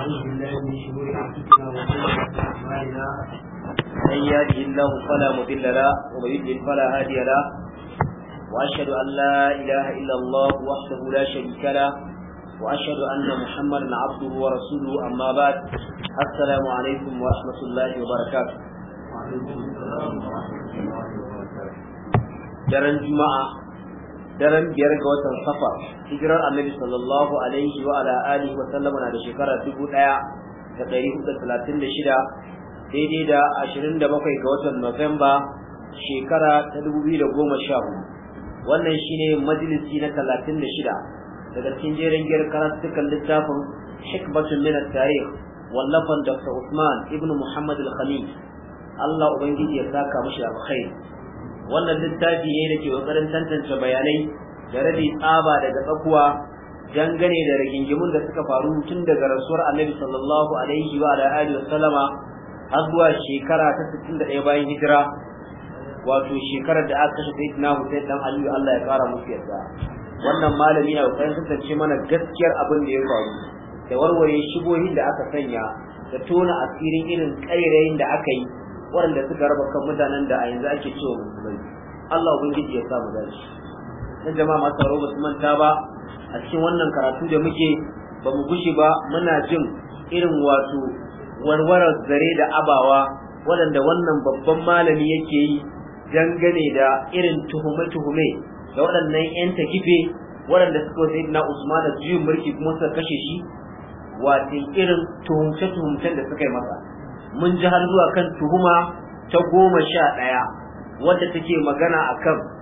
ونعوذ بالله من شرور انفسنا وسيئات اعمالنا من يهده الله فلا مضل له ومن يضلل فلا هادي له واشهد ان لا اله الا الله وحده لا شريك له واشهد ان محمدا عبده ورسوله اما بعد السلام عليكم ورحمه الله وبركاته daren juma'a daren biyar ga watan safar hijirar annabi sallallahu alaihi wa ala alihi wa sallama na da shekara dubu ɗaya da ɗari hudu talatin da shida daidai da ashirin da bakwai ga watan Nuwamba shekara ta dubu biyu da goma sha hudu wannan shine majalisi na talatin da shida daga cikin jerin giyar karatukan littafin hikmatun min tarikh wallafan dr usman Ibn muhammad al-khamis allah ubangiji ya saka mashi alkhairi wannan littafi ne da ke kokarin tantance bayanai da rabi tsaba daga tsakuwa dangane da rigingimun da suka faru tun daga rasuwar annabi sallallahu alaihi wa alihi wa sallama har zuwa shekara ta 61 bayan hijira wato shekarar da aka kashe sayyidina Hussein dan Aliyu Allah ya kara musu yarda wannan malami na sun kasance mana gaskiyar abin da ya faru da warware shigohin da aka sanya da tona asirin irin kairayin da aka yi waɗanda suka raba kan mutanen da a yanzu ake cewa musulmai Allah ubangiji ya samu dace na jama'a masu tsaro ba su manta ba a cikin wannan karatu da muke ba mu gushe ba muna jin irin wato warwarar zare da abawa waɗanda wannan babban malami yake yi dangane da irin tuhume-tuhume da waɗannan 'yan takife waɗanda suka wasu na usman da juyin mulki kuma suka kashe shi wato irin tuhumce-tuhumcen da suka yi masa mun ji har zuwa kan tuhuma ta goma sha ɗaya wadda take magana akan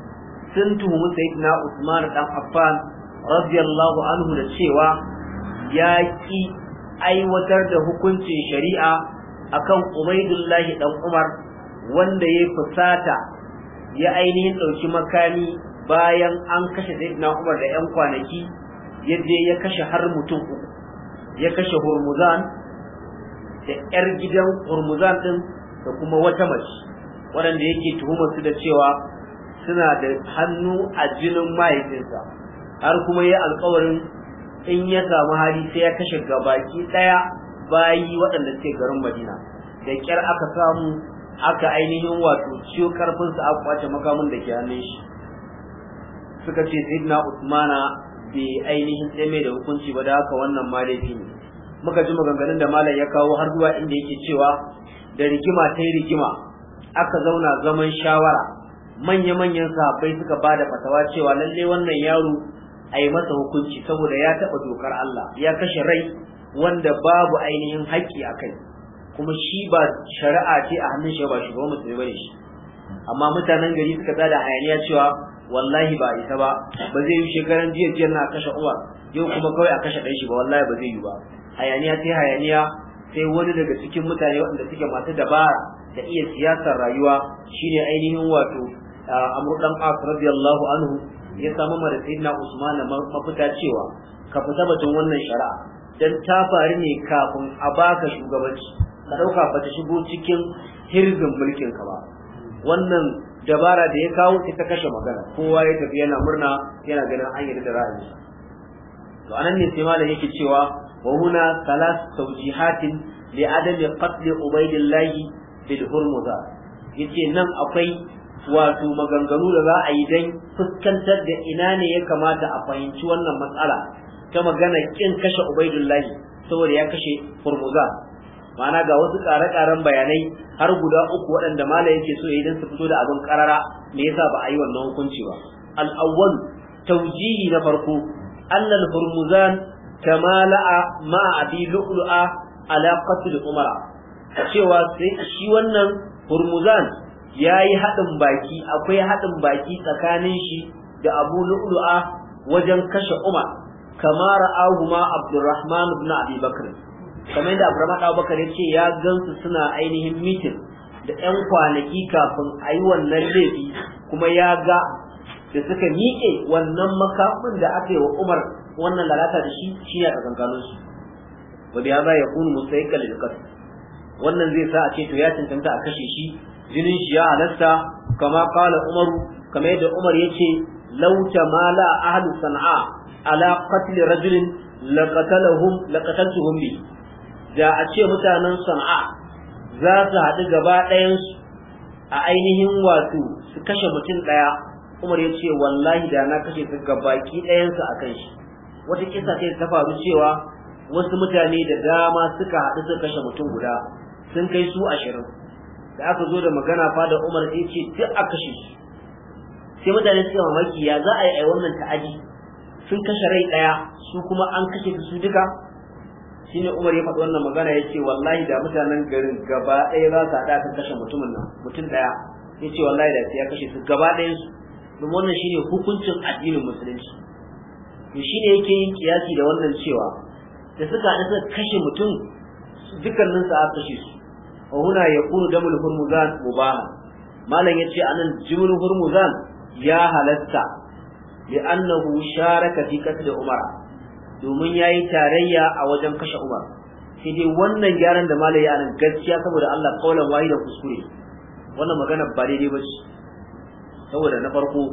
sun tuhumi sayyidina Usman dan Affan radiyallahu anhu da cewa ya ki aiwatar da hukuncin shari'a akan Ubaidullahi dan Umar wanda ya fusata ya ainihin ɗauki makami bayan an kashe sayyidina Umar da 'yan kwanaki ya je ya kashe har mutum uku ya kashe Hurmuzan da 'yar gidan Hurmuzan din da kuma wata mace waɗanda yake tuhumar su da cewa suna da hannu a jinin mahaifinsa har kuma ya alkawarin in ya samu hali sai ya kashe gabaki daya bayi waɗanda suke garin madina da kyar aka samu aka ainihin wato ciwo karfinsa aka kwace makamin da ke hannun shi suka ce sayyidina usmana bai ainihin tseme da hukunci ba da haka wannan malafi ne muka ji maganganun da malam ya kawo har zuwa inda yake cewa da rigima ta yi rigima aka zauna zaman shawara manya-manyan sahabbai suka ba da fatawa cewa lalle wannan yaro a yi masa hukunci saboda ya taɓa dokar Allah ya kashe rai wanda babu ainihin haƙƙi a kai kuma shi ba shari'a ce a hannun shi ba shugaban musulmi bane shi amma mutanen gari suka tsada hayaniya cewa wallahi ba isa ba ba zai yi shekaran jiya jiya na kashe uwa yau kuma kawai a kashe ɗan shi ba wallahi ba zai yi ba hayaniya sai hayaniya sai wani daga cikin mutane waɗanda suke masu dabara da iya siyasar rayuwa shine ainihin wato amr dan as radiyallahu anhu ya samu mara sayyidina usman mafita cewa ka fita batun wannan shari'a dan ta faru ne kafin a baka shugabanci ka dauka ba ta shigo cikin hirgin mulkin ka ba wannan dabara da ya kawo ita kashe magana kowa ya tafi yana murna yana ganin an yi da ra'ayi to anan ne sai malam yake cewa wa huna salas tawjihatin li adami qatl ubaydillah bil hurmuza yace nan akwai wato maganganu da za a yi don fuskantar da ina ne ya kamata a fahimci wannan matsala ta magana kin kashe ubaidullahi saboda ya kashe furmuza ma'ana ga wasu ƙare-ƙaren bayanai har guda uku waɗanda mala yake so ya don su fito da abin ƙarara me yasa ba a yi wannan hukunci ba al'awwal taujihi na farko annal hurmuzan tamala'a ma'a abi lu'lu'a ala qatl umara cewa sai shi wannan hurmuzan ya yi haɗin baki akwai haɗin baki tsakanin shi da abu lu'lu'a wajen kashe umar kama ra'ahuma abdurrahman ibn abi bakr kamar yadda abdurrahman abu bakr yace ya gansu suna ainihin mitin da ƴan kwanaki kafin a yi wannan laifi kuma ya ga da suka miƙe wannan makafin da aka yi wa umar wannan lalata da shi shi ya tsakankanin su wa bi hadha yakunu mustaqil lil qatl wannan zai sa a ce to ya cancanta a kashe shi jinin shi ya halatta kama kala umaru kamar yadda umar yake lauta mala ahlu sana'a ala qatl rajulin laqatalahum laqataltuhum bi da a ce mutanen sana'a za su haɗu gaba ɗayansu a ainihin wato su kashe mutum ɗaya umar ya ce wallahi da na kashe su gabaki ɗayansu a kan shi wata kisa sai ta faru cewa wasu mutane da dama suka haɗu suka kashe mutum guda sun kai su ashirin da aka zo da magana fada Umar sai ce duk a kashe shi sai mutane suka mamaki ya za a yi wannan ta'aji sun kashe rai daya su kuma an kashe su duka shine Umar ya faɗi wannan magana ya ce wallahi da mutanen garin gaba ɗaya za su haɗa kan kashe mutumin nan mutum ɗaya ya ce wallahi da ya kashe su gaba ɗayan su domin wannan shine hukuncin addinin musulunci to shine yake yin kiyasi da wannan cewa da suka haɗu suka kashe mutum dukkanin su aka kashe su wa ya yakunu damul hurmuzan mubaha malam ya ce anan jimul hurmuzan ya halatta li annahu sharaka fi qatl umar domin yayi tarayya a wajen kashe umar sai dai wannan gyaran da malam anan gaskiya saboda Allah kaulan wahi da kuskure wannan magana ba daidai ba ce saboda na farko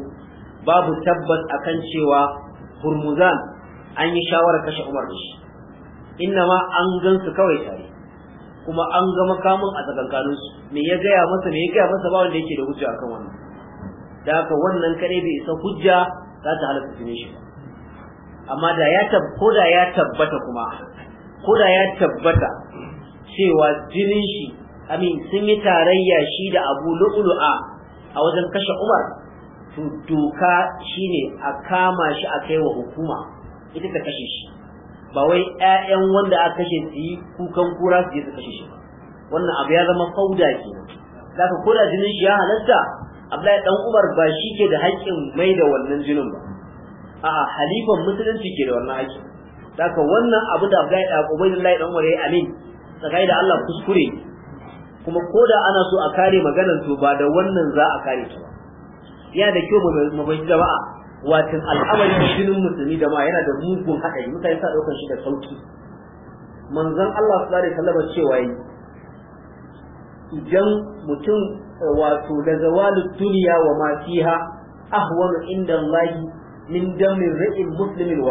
babu tabbas a kan cewa hurmuzan an yi shawarar kashe umar da shi inna ma an gansu kawai tare kuma an ga makamin a tsakankanin su me ya gaya masa me ya gaya masa ba wanda yake da hujja akan wannan da haka wannan kare bai isa hujja za ta halatta su shi amma da ya ko da ya tabbata kuma ko da ya tabbata cewa jinin shi amin sun yi tarayya shi da abu lu'lu'a a wajen kashe umar to doka shine a kama shi a kai wa hukuma ita ta kashe shi ba wai ƴaƴan wanda aka kashe su yi kukan kura su je su kashe shi ba. wannan abu ya zama fauda kenan zaka koda jinin shi ya halatta Abdullahi dan Umar ba shi ke da haƙƙin mai da wannan jinin ba a'a halifan musulunci ke da wannan haƙƙin zaka wannan abu da Abdullahi da Ubaidullahi dan Umar yayi amin tsakai da Allah kuskure kuma koda ana so a kare maganar to ba da wannan za a kare ta ba yana da kyau mu bai jama'a wacin al'amarin jinin musulmi da ma yana da mugun haɗari mutane sa ɗaukar shi da sauki manzon Allah su alaihi wasallam cewa yi idan mutum wato da zawalu duniya wa ma fiha ahwan inda Allah min damin ra'in musulmin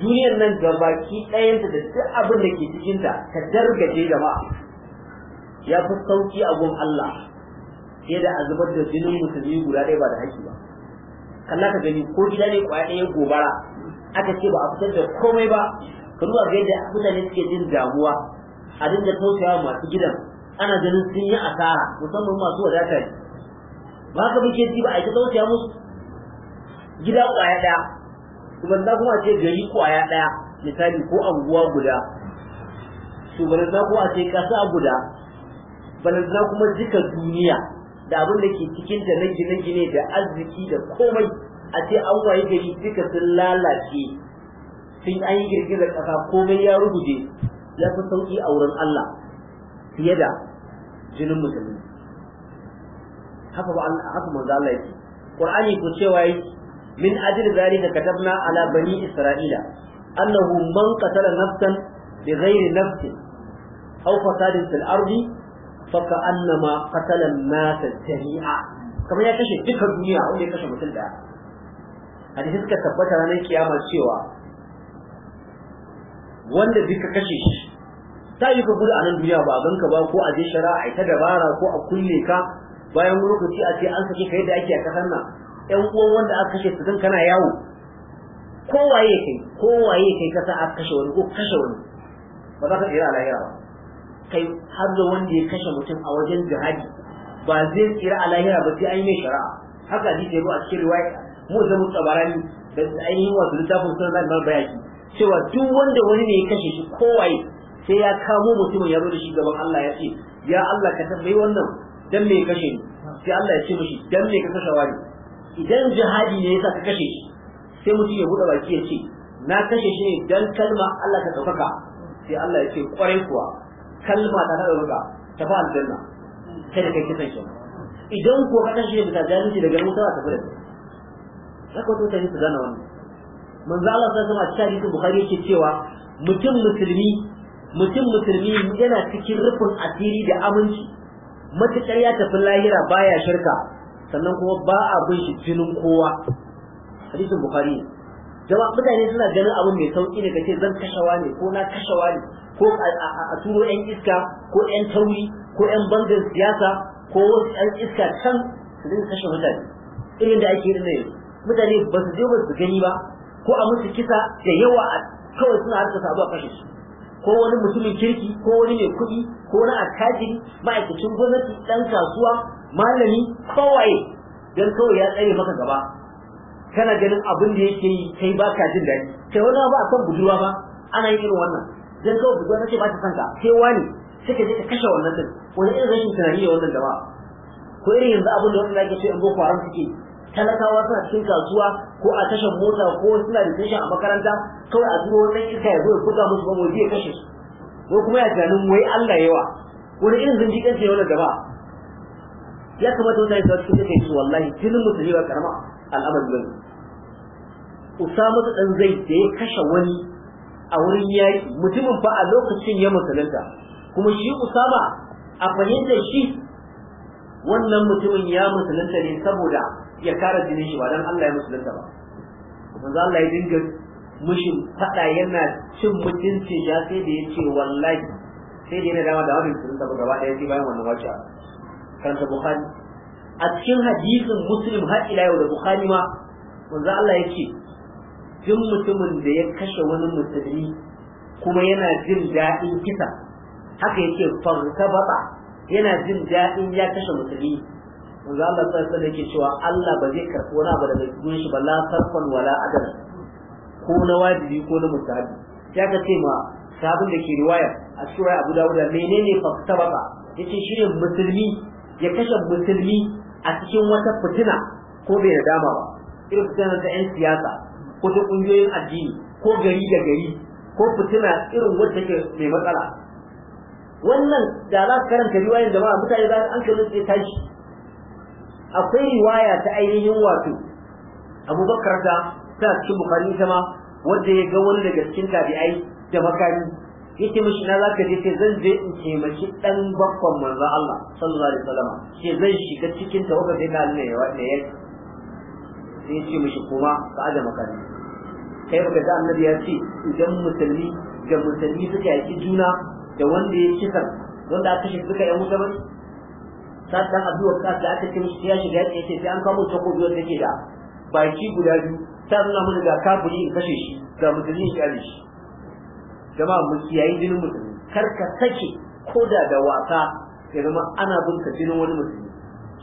duniyar nan baki ɗayanta da duk abin da ke cikinta ta dargaje ma ya fi sauki a gun Allah sai da a zubar da jinin musulmi guda ɗaya ba da haƙƙi ba kalla ka gani ko gida ne kwaya ɗaya gobara aka ce ba a fitar da komai ba ka duba ga yadda mutane suke jin damuwa a dinga tausayawa masu gidan ana ganin sun yi asara musamman masu wadatar ba ka muke ba a yi tausaya musu gida kwaya ɗaya kuma na kuma ce gari kwaya ɗaya misali ko anguwa guda shugaban na kuma ce ƙasa guda balantana kuma jika duniya da abin da ke cikin ta na gine-gine da arziki da komai a ce an waye gari duka sun lalace sun an yi girgizar ƙasa komai ya rubuje ya fi sauƙi a wurin Allah fiye da jinin musulmi haka ba haka manzo Allah yake Qur'ani ko cewa yake min ajli zalika katabna ala bani isra'ila annahu man qatala nafsan بغير نفس أو فساد في الأرض faka annama qatalan nasa jami'a kamar ya kashe duka duniya wanda ya kashe mutum daya hadisi suka tabbata ranar kiyama cewa wanda duka kashe shi ta yi ka gudu a nan duniya ba a ganka ba ko a je shari'a a ta dabara ko a kulle ka bayan lokaci a ce an sake ka yadda ake a kasar nan ƴan uwan wanda aka kashe su kan kana yawo kowaye kai kowaye kai kasa aka kashe wani ko kashe wani ba za ka tsira a lahira ba kai har da wanda ya kashe mutum a wajen jihadi ba zai tsira a lahira ba sai an yi shari'a haka hadisi ya ruwa a cikin riwaya mu da mu tsabarani da ainihin wasu littafin sunan na bayaki cewa duk wanda wani ne ya kashe shi kowaye sai ya kamo mutumin ya zo da shi gaban Allah ya ce ya Allah ka tambayi wannan dan me ya kashe ni sai Allah ya ce mishi dan me ka kashe wani idan jihadi ne yasa ka kashe shi sai mutum ya buɗe baki ya ce na kashe shi ne dan kalma Allah ta ɗaukaka sai Allah ya ce kwarai kuwa kalma ta na ɗauka ta fa aljanna sai da kai kisan shi idan ko ka kashe bisa jahilci daga nan ta tafi da su haka wato ta su gane wannan manzo Allah sai sama cikin hadisi Bukhari yake cewa mutum musulmi mutum musulmi yana cikin rufin asiri da aminci matukar ya tafi lahira baya shirka sannan kuma ba a bin shi jinin kowa hadisin Bukhari jama'a mutane suna ganin abin mai sauki ne kace zan kashawa ne ko na kashawa ne ko a turo 'yan iska ko 'yan tauri ko 'yan bangar siyasa ko wasu 'yan iska can su zai kashe mutane irin da ake irin yanzu mutane ba su je ba su gani ba ko a musu kisa da yawa a kawai suna harka su a kashe su ko wani mutumin kirki ko wani mai kuɗi ko wani attajiri ma'aikacin gwamnati ɗan kasuwa malami kowaye don kawai ya tsaye maka gaba kana ganin abin da yake yi kai ba ka jin daɗi kai wani ba a kan budurwa ba ana yin irin wannan dan kawai buzo nace ba ta san ka sai wani suka je ka kashe wannan din wani irin rashin tunani ne wannan jama'a ko irin yanzu abin da wanda yake so in boko haram suke talakawa suna cikin kasuwa ko a tashar mota ko suna da tashin a makaranta kawai a zuwa wannan iska ya zo ya buga musu ba ya kashe su ko kuma ya tunanin wai Allah yawa wani irin zindiƙan ce wannan jama'a ya kamata wannan ya sauke da kai su wallahi jinin musulmi ba karama al'amari bane Usama dan Zaid da ya kashe wani a wurin yayi mutumin fa a lokacin ya musulunta kuma shi Usama a fahimtar shi wannan mutumin ya musulunta ne saboda ya kare jinin shi ba dan Allah ya musulunta ba manzo Allah ya dinga mushi fada yana cin mutuncin ya sai da yace wallahi sai da yana dama da wani musulunta ba gaba ɗaya sai bayan wannan wacce karanta Bukhari a cikin hadisin Muslim har ila yau da Bukhari ma manzo Allah yake duk mutumin da ya kashe wani musulmi kuma yana jin daɗin kisa haka yake farka baba yana jin daɗin ya kashe musulmi manzo Allah sallallahu yake cewa Allah ba zai karɓi wani abu daga cikin shi ba la sarfan wala adana ko na wajibi ko na musabi ya ka ce ma sabon da ke riwaya a cikin Abu Dawud menene farka baba yace shi ne musulmi ya kashe musulmi a cikin wata fitina ko bai da dama ba irin fitinar ta 'yan siyasa ko ta kungiyoyin addini ko gari da gari ko fitina irin wacce ke mai matsala wannan da za su karanta riwayar jama'a mutane za an kalli sai tashi akwai riwaya ta ainihin wato abubakar da ta cikin bukari ta ma wanda ya ga wani daga cikin tabi'ai da makami ce mishi na za ka je sai zan je in taimaki ɗan bakon manzo Allah sallallahu alaihi wasallam sai zan shiga cikin tawaka da na ne ya sai ya ce mishi kuma ka aje makami kai baka ga annabi ya ce idan musulmi ga musulmi suka yaki juna da wanda ya kisa wanda aka shi suka yan wuta ba sai dan addu'a da aka ce musu ya shiga yaki ce sai an kawo ta ko biyar take da baki guda biyu ta nuna mun ga kafiri in kashe shi ga musulmi ya kashe shi jama'a mu kiyayi jinin musulmi kar ka sake ko da da wasa ya zama ana bin ka jinin wani musulmi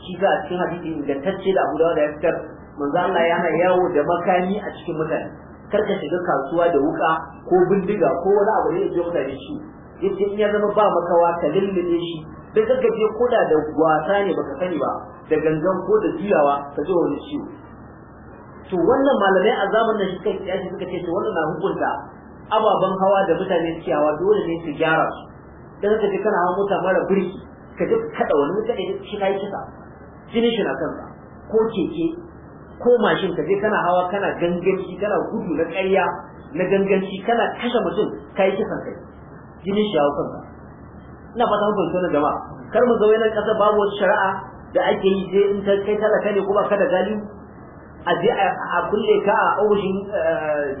shi ga cikin hadisi ingantacce da Abu da ya fitar manzo Allah yana yawo da makami a cikin mutane kar shiga kasuwa da wuka ko bindiga ko wani abu da yake mutane shi yace in ya zama ba makawa ka lullube shi da kaga je koda da wasa ne baka sani ba da gangan ko da juyawa ka zo wani ciwo to wannan malamai a zamanin shi kai ya suka ce to wannan na hukunta ababen hawa da mutane suke hawa dole ne su gyara su da kaga je kana hawa mota mara birki ka je kada wani mutane da shi kai kisa jini shi na kanka ko keke ko mashin ka je kana hawa kana ganganci kana gudu na ƙarya na ganganci kana kashe mutum ka yi kisan kai jinin shi ya kanka ina fata mun fahimta gama. kar mu zaune nan ƙasa babu wata shari'a da ake yi sai in ta kai talaka ne ko ba ka da galiu a je a kulle ka a ofishin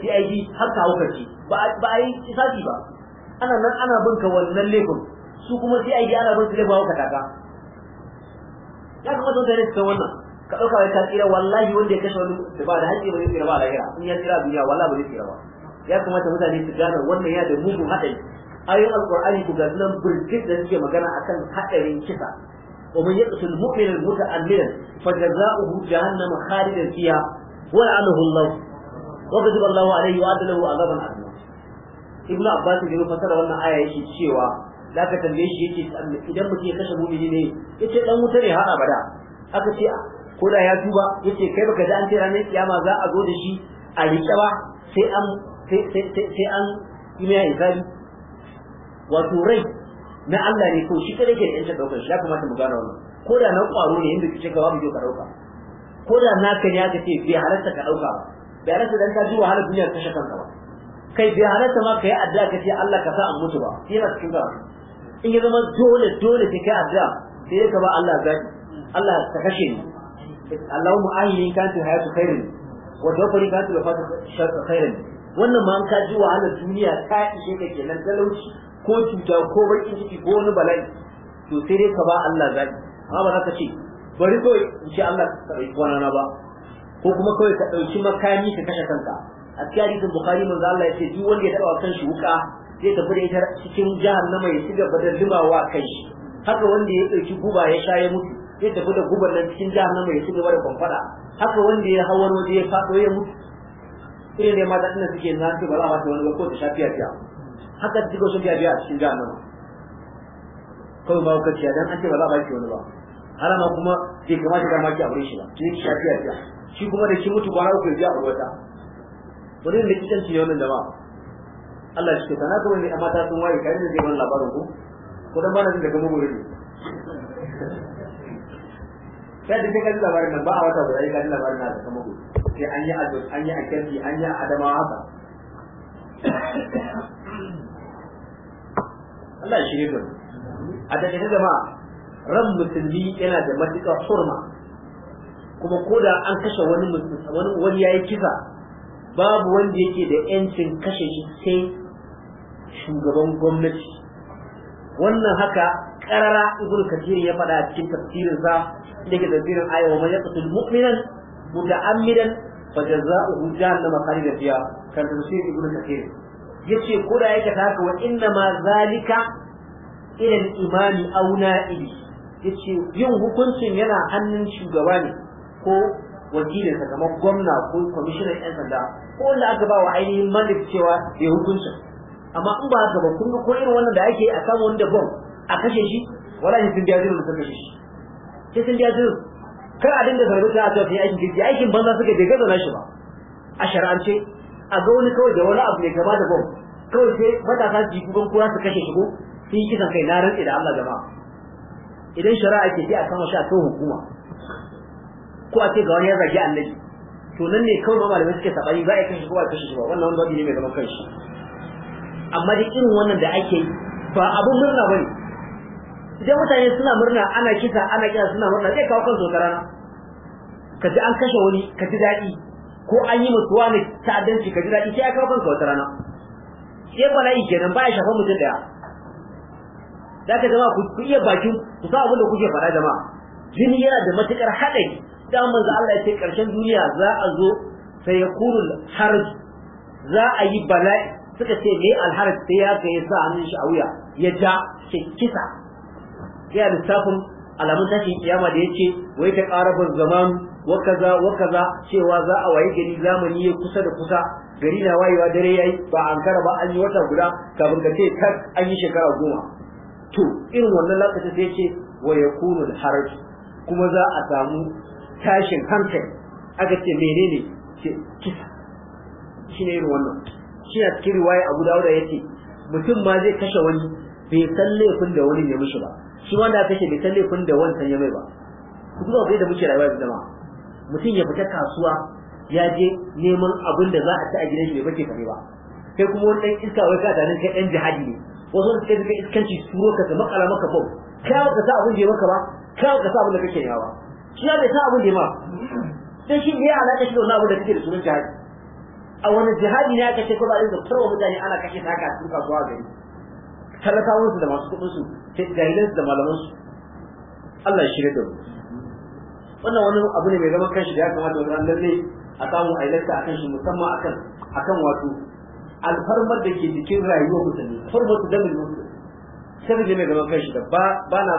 CID eh, har ka hau kaci ba a yi isaji ba ana nan ana bin ka wannan laifin su kuma CID ana bin su laifin hau ka ya kamata mutane su san wannan ka ɗauka wai ka tsira wallahi wanda ya kashe wani da ba da hanci ba zai tsira ba a lahira in ya tsira duniya wallahi ba zai tsira ba ya kamata mutane su gane wannan ya da mugun haɗari ayoyin alƙur'ani ku ga nan burkit da suke magana akan haɗarin kisa ومن يقتل مؤمنا متعمدا فجزاؤه جهنم خالدا فيها ولعنه الله وغضب الله عليه وعد له عذابا عظيما ibnu abbas da ya fasara wannan aya yake cewa da ka shi yake idan mutum ya kashe mumini ne yace dan wuta ne har ko da ya tuba yace kai baka ji an ce ranar kiyama za a zo da shi a rike ba sai an sai an yi mai hisabi wato rai na Allah ne ko shi kada ke da yanta daukar shi ya kamata mu gane wannan ko da na kwaro ne inda kike kawo mu je ka dauka ko da naka ne aka ce bai halarta ka dauka ba bai halarta dan ka ji wahalar duniyar ta shakan ka ba kai bai halarta ma kai addu'a ka ce Allah ka sa an mutu ba sai na cikin gara in ya zama dole dole kai addu'a sai ka ba Allah zaki Allah ta kashe ni Allahumma ahyini kanti hayatu khairin wa tawaffani kanti wafatu sharra khairin wannan ma an ka ji wahala duniya ta ishe ka kenan talauci ko cuta ko bakin ciki ko wani bala'i to sai dai ka ba Allah zaki amma ba za ka ce bari kawai in ce Allah ka yi ɗauki na ba ko kuma kawai ka ɗauki makami ka kashe kanka a cikin hadisin bukhari manzo Allah ya ce duk wanda ya taɓa kan shi wuka zai tafi da ita cikin jahannama ya ci gaba da limawa kai haka wanda ya ɗauki guba ya sha ya mutu zai tafi da gubar nan cikin jahannama mai ci gaba da kwamfada haka wanda ya hawa waje ya faɗo ya mutu irin ne mata ɗin suke na ce ba za a wani ba ko ta shafi a haka ta cika sun fiya a cikin jahannama kawai ba kaciya dan ake ba za a shi wani ba har ma kuma bai kamata da maki a wurin shi ba shi ne shafi a shi kuma da shi mutu kwana uku ya ji a wata wani ne kitan ci yau da ba Allah shi ke tana kuma ne a mata sun waye kai ne zai wani labarin ku ko dan ba na jin daga mugu ne sai da kan labarin nan ba a wata guda kan labarin nan kuma ku sai an yi azur an yi akirki an yi adama haka Allah ya shirye mu a da takaice jama'a ran musulmi yana da matuƙar hurma kuma ko da an kashe wani wani wani yayi kisa babu wanda yake da yancin kashe shi sai shugaban gwamnati wannan haka karara ibn kathir ya faɗa cikin tafsirinsa shi ke tafsirin aya wa man yaqtul mu'minan muta'ammidan fajaza'uhu jahannama khalidan fiha kan tafsir ibnu kathir yace ko da yake haka wa inna ma zalika ila al-imam aw na'ibi yace yin hukuncin yana hannun shugaba ne ko wakilin sa kamar gwamna ko kwamishinan yan sanda ko wanda aka ba wa ainihin malik cewa ya hukuncin amma in ba haka ba kun ko irin wannan da ake a samu wanda bom a kashe shi wala shi sun biya jirin da suka kashe shi sai sun biya duk kar a dinga zargi ta ta yi aikin girki aikin banza suka bai gaza shi ba a shar'ance a ga wani kawai da wani abu mai gaba da bom kawai sai matasa su yi kuban kura su kashe shi ko sun yi kisan kai na rantsi da Allah gaba. idan shari'a ke sai a kama shi a kan hukuma ko a ce ga wani ya zagi annabi to nan ne kawai malamai suke sabani za a kashe ko a kashe shi ba wannan wani babi ne mai zaman kanshi amma da irin wannan da ake yi ba abun murna ba ne. idan mutane suna murna ana kisa ana kisa suna murna zai kawo kan rana. ka ji an kashe wani ka ji daɗi ko an yi musu wani ta'addanci ka ji daɗi sai ya kawo kanka wata rana sai yi kenan ya shafa mutum daya za ka zama ku iya bakin ku sa abin da kuke faɗa jama'a jini yana da matuƙar haɗari dan manzo Allah ya ce ƙarshen duniya za a zo sai ya kuru harj za a yi bala'i suka ce me alharj sai ya ga ya sa hannun shi a wuya ya ja ke kisa sai lissafin alamun tashin kiyama da yake wai ta karabar zaman wa kaza wa kaza cewa za a waye gari zamani ya kusa da kusa gari na wayewa dare yayi ba an kara ba an yi wata guda kafin ka ce tak an yi shekara goma to irin wannan lokaci sai ce wa yakunu al-haraj kuma za a samu tashin hankali aka ce menene ce kisa shine irin wannan shi a cikin riwaya Abu Dawud yake mutum ma zai kashe wani bai san laifin da wani ya mishi ba shi wanda aka ce bai san laifin da wancan ya mai ba ku zuwa bai da muke rayuwa da jama'a mutum ya fita kasuwa ya je neman abin da za a ci a gidan shi bai bace kare ba kai kuma wani dan iska wai ka tanin kai dan jihadi ne wasu da suka suka iskanci turo ka ta makala maka bau kai ka sa abin da ya maka ba kai ka sa abin da kake yawa shi ya bai sa abin da ya ma sai shi ne alaka shi da wani abin da kake da sunan jihadi a wani jihadi ne aka ce ko ba a rinka tarwa mutane ana kashe ta haka a cikin kasuwa gari talakawansu da masu kuɗinsu sai gailansu da malamansu Allah ya shirya da mu wannan wani abu ne mai zaman kanshi da ya kamata wani lalle a samu a ilarta akan shi musamman akan akan wato alfarmar da ke jikin rayuwar mutane farmar su damin musulmi sai da mai zaman kanshi da ba na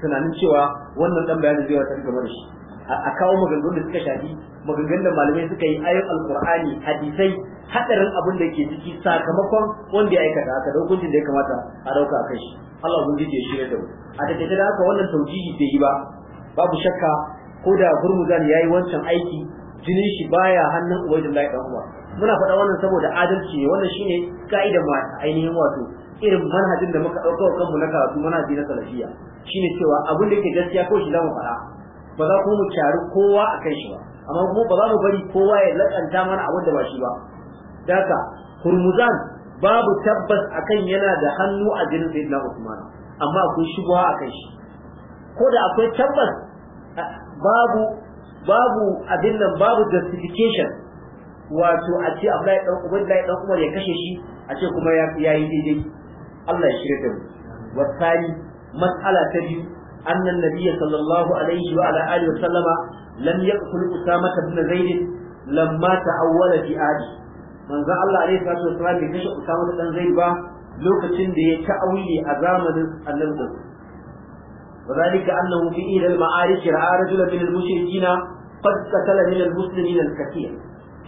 tunanin cewa wannan dan bayanin zai wata game da shi a kawo maganganun da suka shafi maganganun da malamai suka yi ayoyin alkur'ani hadisai hadarin abin da ke ciki sakamakon wanda ya aikata haka da hukuncin da ya kamata a dauka a kai shi Allah mun ya shi da a take da haka wannan taujihi bai yi ba babu shakka ko da gurmuzan yayi wancan aiki jinin shi baya hannun Allah dan uwa muna faɗa wannan saboda adalci ne wannan shine ka'idar ma ainihin wato irin manhajin da muka ɗauka kanmu na karatu manhaji na salafiya shine cewa abin da yake gaskiya ko shi zamu faɗa ba za ku mu kyari kowa a kan shi ba amma kuma ba za mu bari kowa ya lakanta mana abin da ba shi ba daka hurmuzan babu tabbas akan yana da hannu a jinin sayyidina usman amma akwai a kai shi ko da akwai tabbas babu babu abin nan babu justification wato a ce Abdullahi dan Umar Abdullahi dan Umar ya kashe shi a ce kuma ya yi daidai Allah ya shirya da mu wasali mas'ala ta biyu أن النبي صلى الله عليه وعلى آله وسلم لم يقتل أسامة بن زيد لما تعول في آله من ذا الله عليه الصلاة والسلام بكش أسامة بن زيد با لوكتين دي تأويل أزام النبي وذلك أنه في إحدى المعارك رأى رجلا من المشركين قد قتل من المسلمين الكثير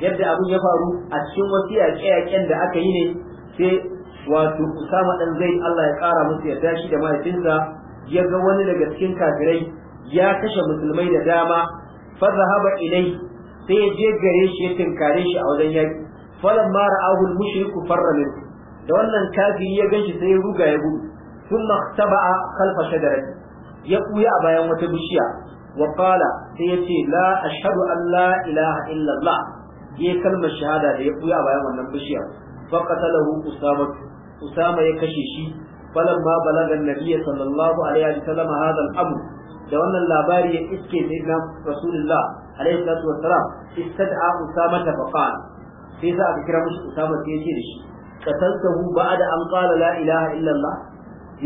yadda abun ya faru a cikin wasu yaƙe-yaƙen da aka yi ne sai wato Usama dan Zaid Allah ya ƙara musu yarda shi da mahaifinsa ya ga wani daga cikin kafirai ya kashe musulmai da dama fa zahaba ilai sai ya je gare shi ya tinkare shi a wajen yaki mara ra'ahu al-mushriku farra min da wannan kafiri ya ganshi sai ya ruga ya gudu thumma taba'a khalfa shajarati ya kuya a bayan wata bishiya wa qala sai ya ce la ashhadu an la ilaha illa allah ya kalmar shahada da ya kuya a bayan wannan bishiya fa qatalahu usama usama ya kashe shi falamma balaga nabiyyi sallallahu alaihi wa sallam hadha al da wannan labari ya iske na rasulullah alaihi salatu wa wassalam istad'a usama ta faqala sai za a kira mushi usama sai ya ce da shi qataltahu ba'da an qala la ilaha illa allah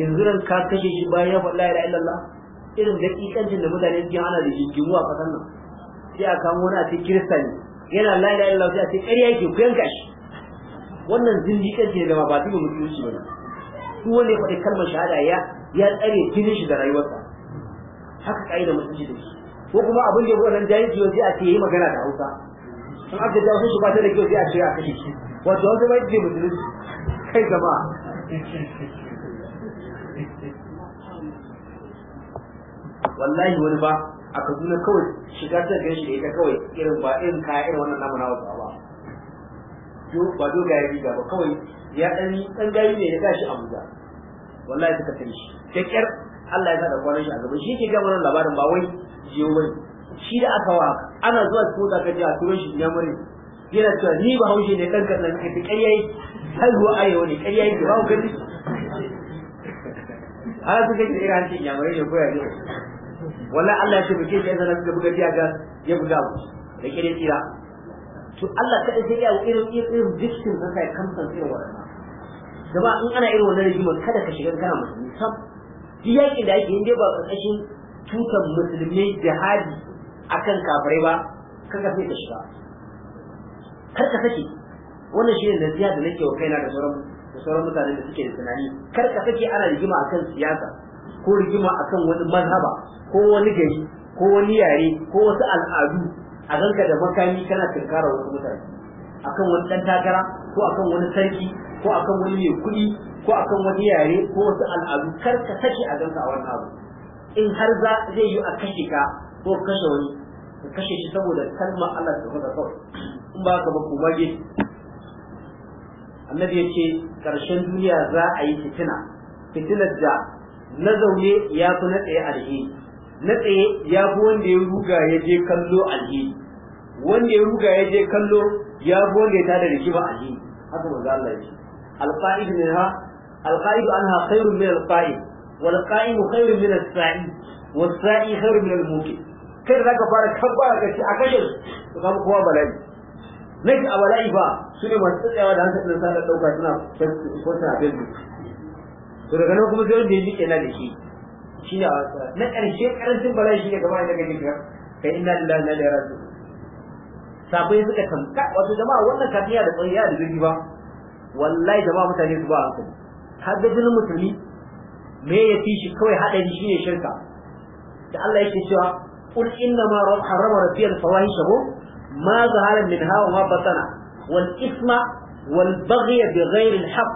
yanzu ran ka kashe shi bayan ya faɗa la ilaha illa allah irin dakikancin da mutane suke ana da jinjimu a kasan nan sai a kamo wani a ce kirista ne yana la ilaha illa allah sai a ce ƙarya yake ku yanka shi wannan zindiƙanci ne da ba ba musulunci ba ne duk wanda ya faɗi kalmar shahada ya ya tsare jinin shi da rayuwarsa haka da musulunci da shi ko kuma abin da ya wannan jahilci yau sai a ce yi magana da Hausa in aka da su ba ta da kyau sai a ce a kashe shi wato wanda bai ce musulunci kai gaba wallahi wani ba a Kaduna kawai shiga ta gare shi da ita kawai irin ba irin kaya irin wannan namu na ba ba dogaye riga ba kawai ya dan dan gari ne ya a Abuja wallahi suka tare shi kyakkyar Allah ya da kwanan shi a gaban shi yake ga wannan labarin ba wai jiyo bane shi da aka wa ana zuwa ko da kaje a turo shi ya mure yana cewa ni ba haushi ne kan nan kai ƙaryayi haihuwa ayo ne ƙaryayi ki ba ku gani ana su kake irin hancin ya mure ne ko ya ne wallahi Allah ya ce muke shi yanzu na suka buga jiya ga ya buga da kire tsira to Allah ka sai ya irin irin diction sai kan sai wannan Gaba in ana irin wannan rigimar kada ka shiga kana musulmi sam duk yakin da ake yin dai ba karkashin tutan musulmi jihadi akan kafirai ba kaga sai ka shiga kar ka sake wannan shi ne nasiha da nake wa kaina da sauran da sauran mutanen da suke da tunani kar ka sake ana rigima akan siyasa ko rigima akan wani mazhaba ko wani gari ko wani yare ko wasu al'adu a ganka da makami kana tunkara wasu mutane akan wani dan takara ko akan wani sarki ko akan wani mai kuɗi ko akan wani yare ko wasu al'adu kar ka kashe a ganka a wani abu in har za zai yi a kashe ka ko kashe wani ka kashe shi saboda kalmar Allah da kuma kawai in ba ka ba ku mage annabi yace karshen duniya za a yi fitina fitinar da na zaune ya fi na tsaye alheri na tsaye ya fi wanda ya ruga ya je kallo alheri wanda ya ruga ya je kallo ya goge ta da rigima a jini haka manzo Allah ya ce alqa'id minha alqa'id anha khairun min alqa'id wal qa'im khairun min as-sa'i was sa'i khairun min al-muqim kai da ka fara kabbara ka ce a kashe to ka kowa bala'i nake a bala'i ba su ne masu tsayawa da hankalin sa da dauka suna ko suna facebook to daga nan kuma sai wanda ya jike na da shi shine na ƙarshe ƙarancin bala'i shi shine gaba da kake ka kai inna lillahi wa inna ilaihi raji'un sabai suka tamka wato jama'a wannan kafiya da tsoyiya da jirgi ba wallahi jama'a mutane su ba hankali har da jinin musulmi me ya fi shi kawai haɗari ne shirka da Allah yake cewa qul inna ma harrama rabbi al-fawahisha ma zahara min hawa ma batana wal isma wal baghy bighayri al-haqq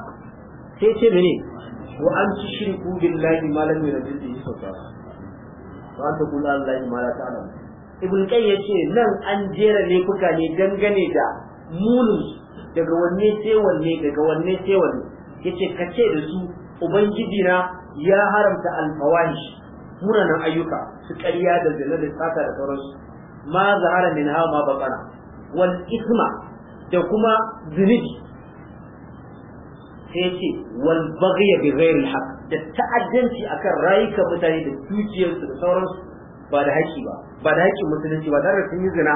sai ce mene wa an tushriku billahi ma lam yunzil bihi sultana wa an taqulu allahi ma la ta'lamu ibn ya ce nan an jera laifuka ne dangane da munin daga wanne sai wanne daga wanne sai wanne yace ce da su ubangiji na ya haramta alfawahish munanan ayyuka su ƙarya da zina da sata da sauransu ma zahara min ha ma bakana wal isma da kuma zunubi sai ce wal baghy bi ghairi haqq da ta'addanci akan rayuka mutane da dukiyarsu da sauransu ba da haƙƙi ba ba da haƙƙin musulunci ba tare da sun yi zina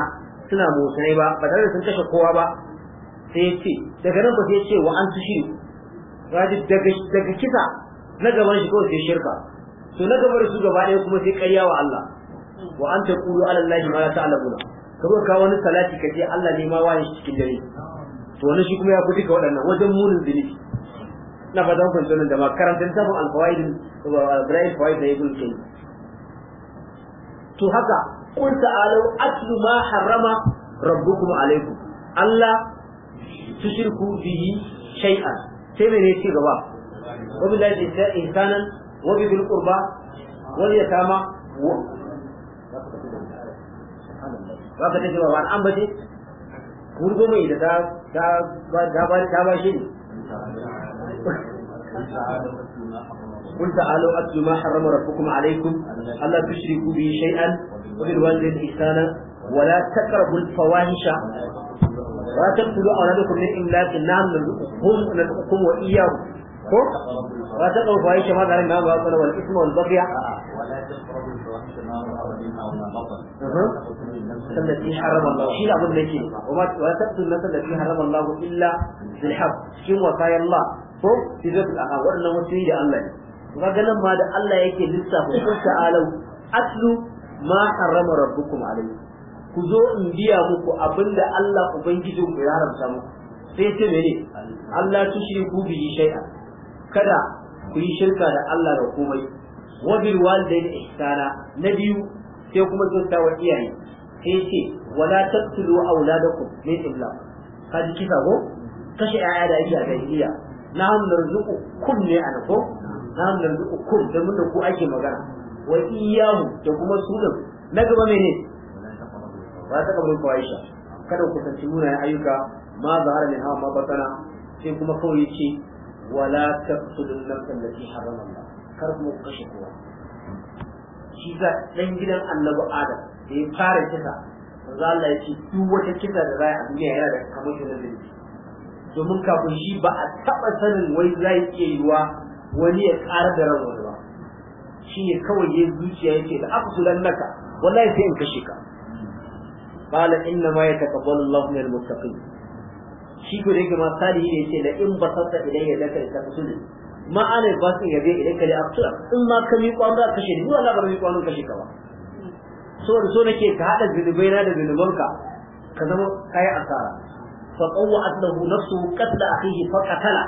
suna motsinai ba ba tare da sun kashe kowa ba sai ce daga nan ba sai ce wa an tushi raji daga kisa na gaban shi kawai sai shirka to na gaban su gaba ɗaya kuma sai ƙarya wa Allah wa an ta kulu ala Allah ma la ta'lamuna kawo ka wani salati kace Allah ne ma shi cikin dare to wani shi kuma ya fi duka waɗannan wajen munin zunubi na fatan kun sanin da ma karanta littafin alfawaidin ibrahim fawaid da ibn kayyim to haka qul ta'alu atlu ma harrama rabbukum alaykum Allah tushirku bihi shay'an sai mene ce gaba wa bil ladhi insanan wa bil qurba wal yatama ba ka tafi ba an bace kurgo mai da ta ta ba ta ba shi ne قل تعالوا أتل ما حرم ربكم عليكم ألا تشركوا به شيئا وبالوالدين إحسانا ولا تكرهوا الفواحش ولا تقتلوا أولادكم من إملاق نعم هم نتقكم وإياهم ولا تقربوا الفواحش ما ظهر منها ما والإثم والبغي ولا تقربوا الفواحش ما ظهر منها وما بطن التي حرم الله شيل أبو الميكي ولا تقتل النفس التي حرم الله إلا بالحق شيل وصايا الله فوق في ذات الأخوة وأنه مسيح الله maganan ma da Allah yake lissafa ta alau atlu ma harrama rabbukum alayhi ku zo in biya muku abinda Allah ubangijin ku ya haramta muku sai ce mene Allah tushriku bi shay'a kada ku yi shirka da Allah da komai wa bil walidayni ihsana na biyu sai kuma kyauta wa iyaye sai ce wala taqtulu auladakum min iblaq kaji kisa ko kashi 'ya'ya da ake a gajiya na hamdar narzuku kun ne a Za mu yanzu uku da mun da ku ake magana wa iyahu da kuma sunan na gaba mene ba ta kamar ku Aisha kada ku tsanci munayen ayyuka ma zahara min hawa ma batana sai kuma kawai yace wala taqtulun nafsan allati harama Allah kar mu kashe kowa shi ga dan gidan Annabi Adam da ya fara kisa manzo Allah ya ce duk wata kisa da za a duniya yana da kamar shi da domin kafin shi ba a taba sanin wai zai iya yiwa wani ya ƙara da ran wani ba shi ne kawai ya zuciya yake da afsulan naka wallahi sai in kashe ka qala inna ma yataqabbalu Allahu minal muttaqin shi ko da kuma salihi ne yace da in basatta ilayya laka taqsul ma ana ya yabe idan ka li afsula in ma ka mi kwanda kashe ni wallahi ba mi kwanda kashe ka ba so da so nake ka hada zunubai na da zunubanka ka zama kai asara fa qawwa'at lahu nafsuhu qatla akhihi fa qatala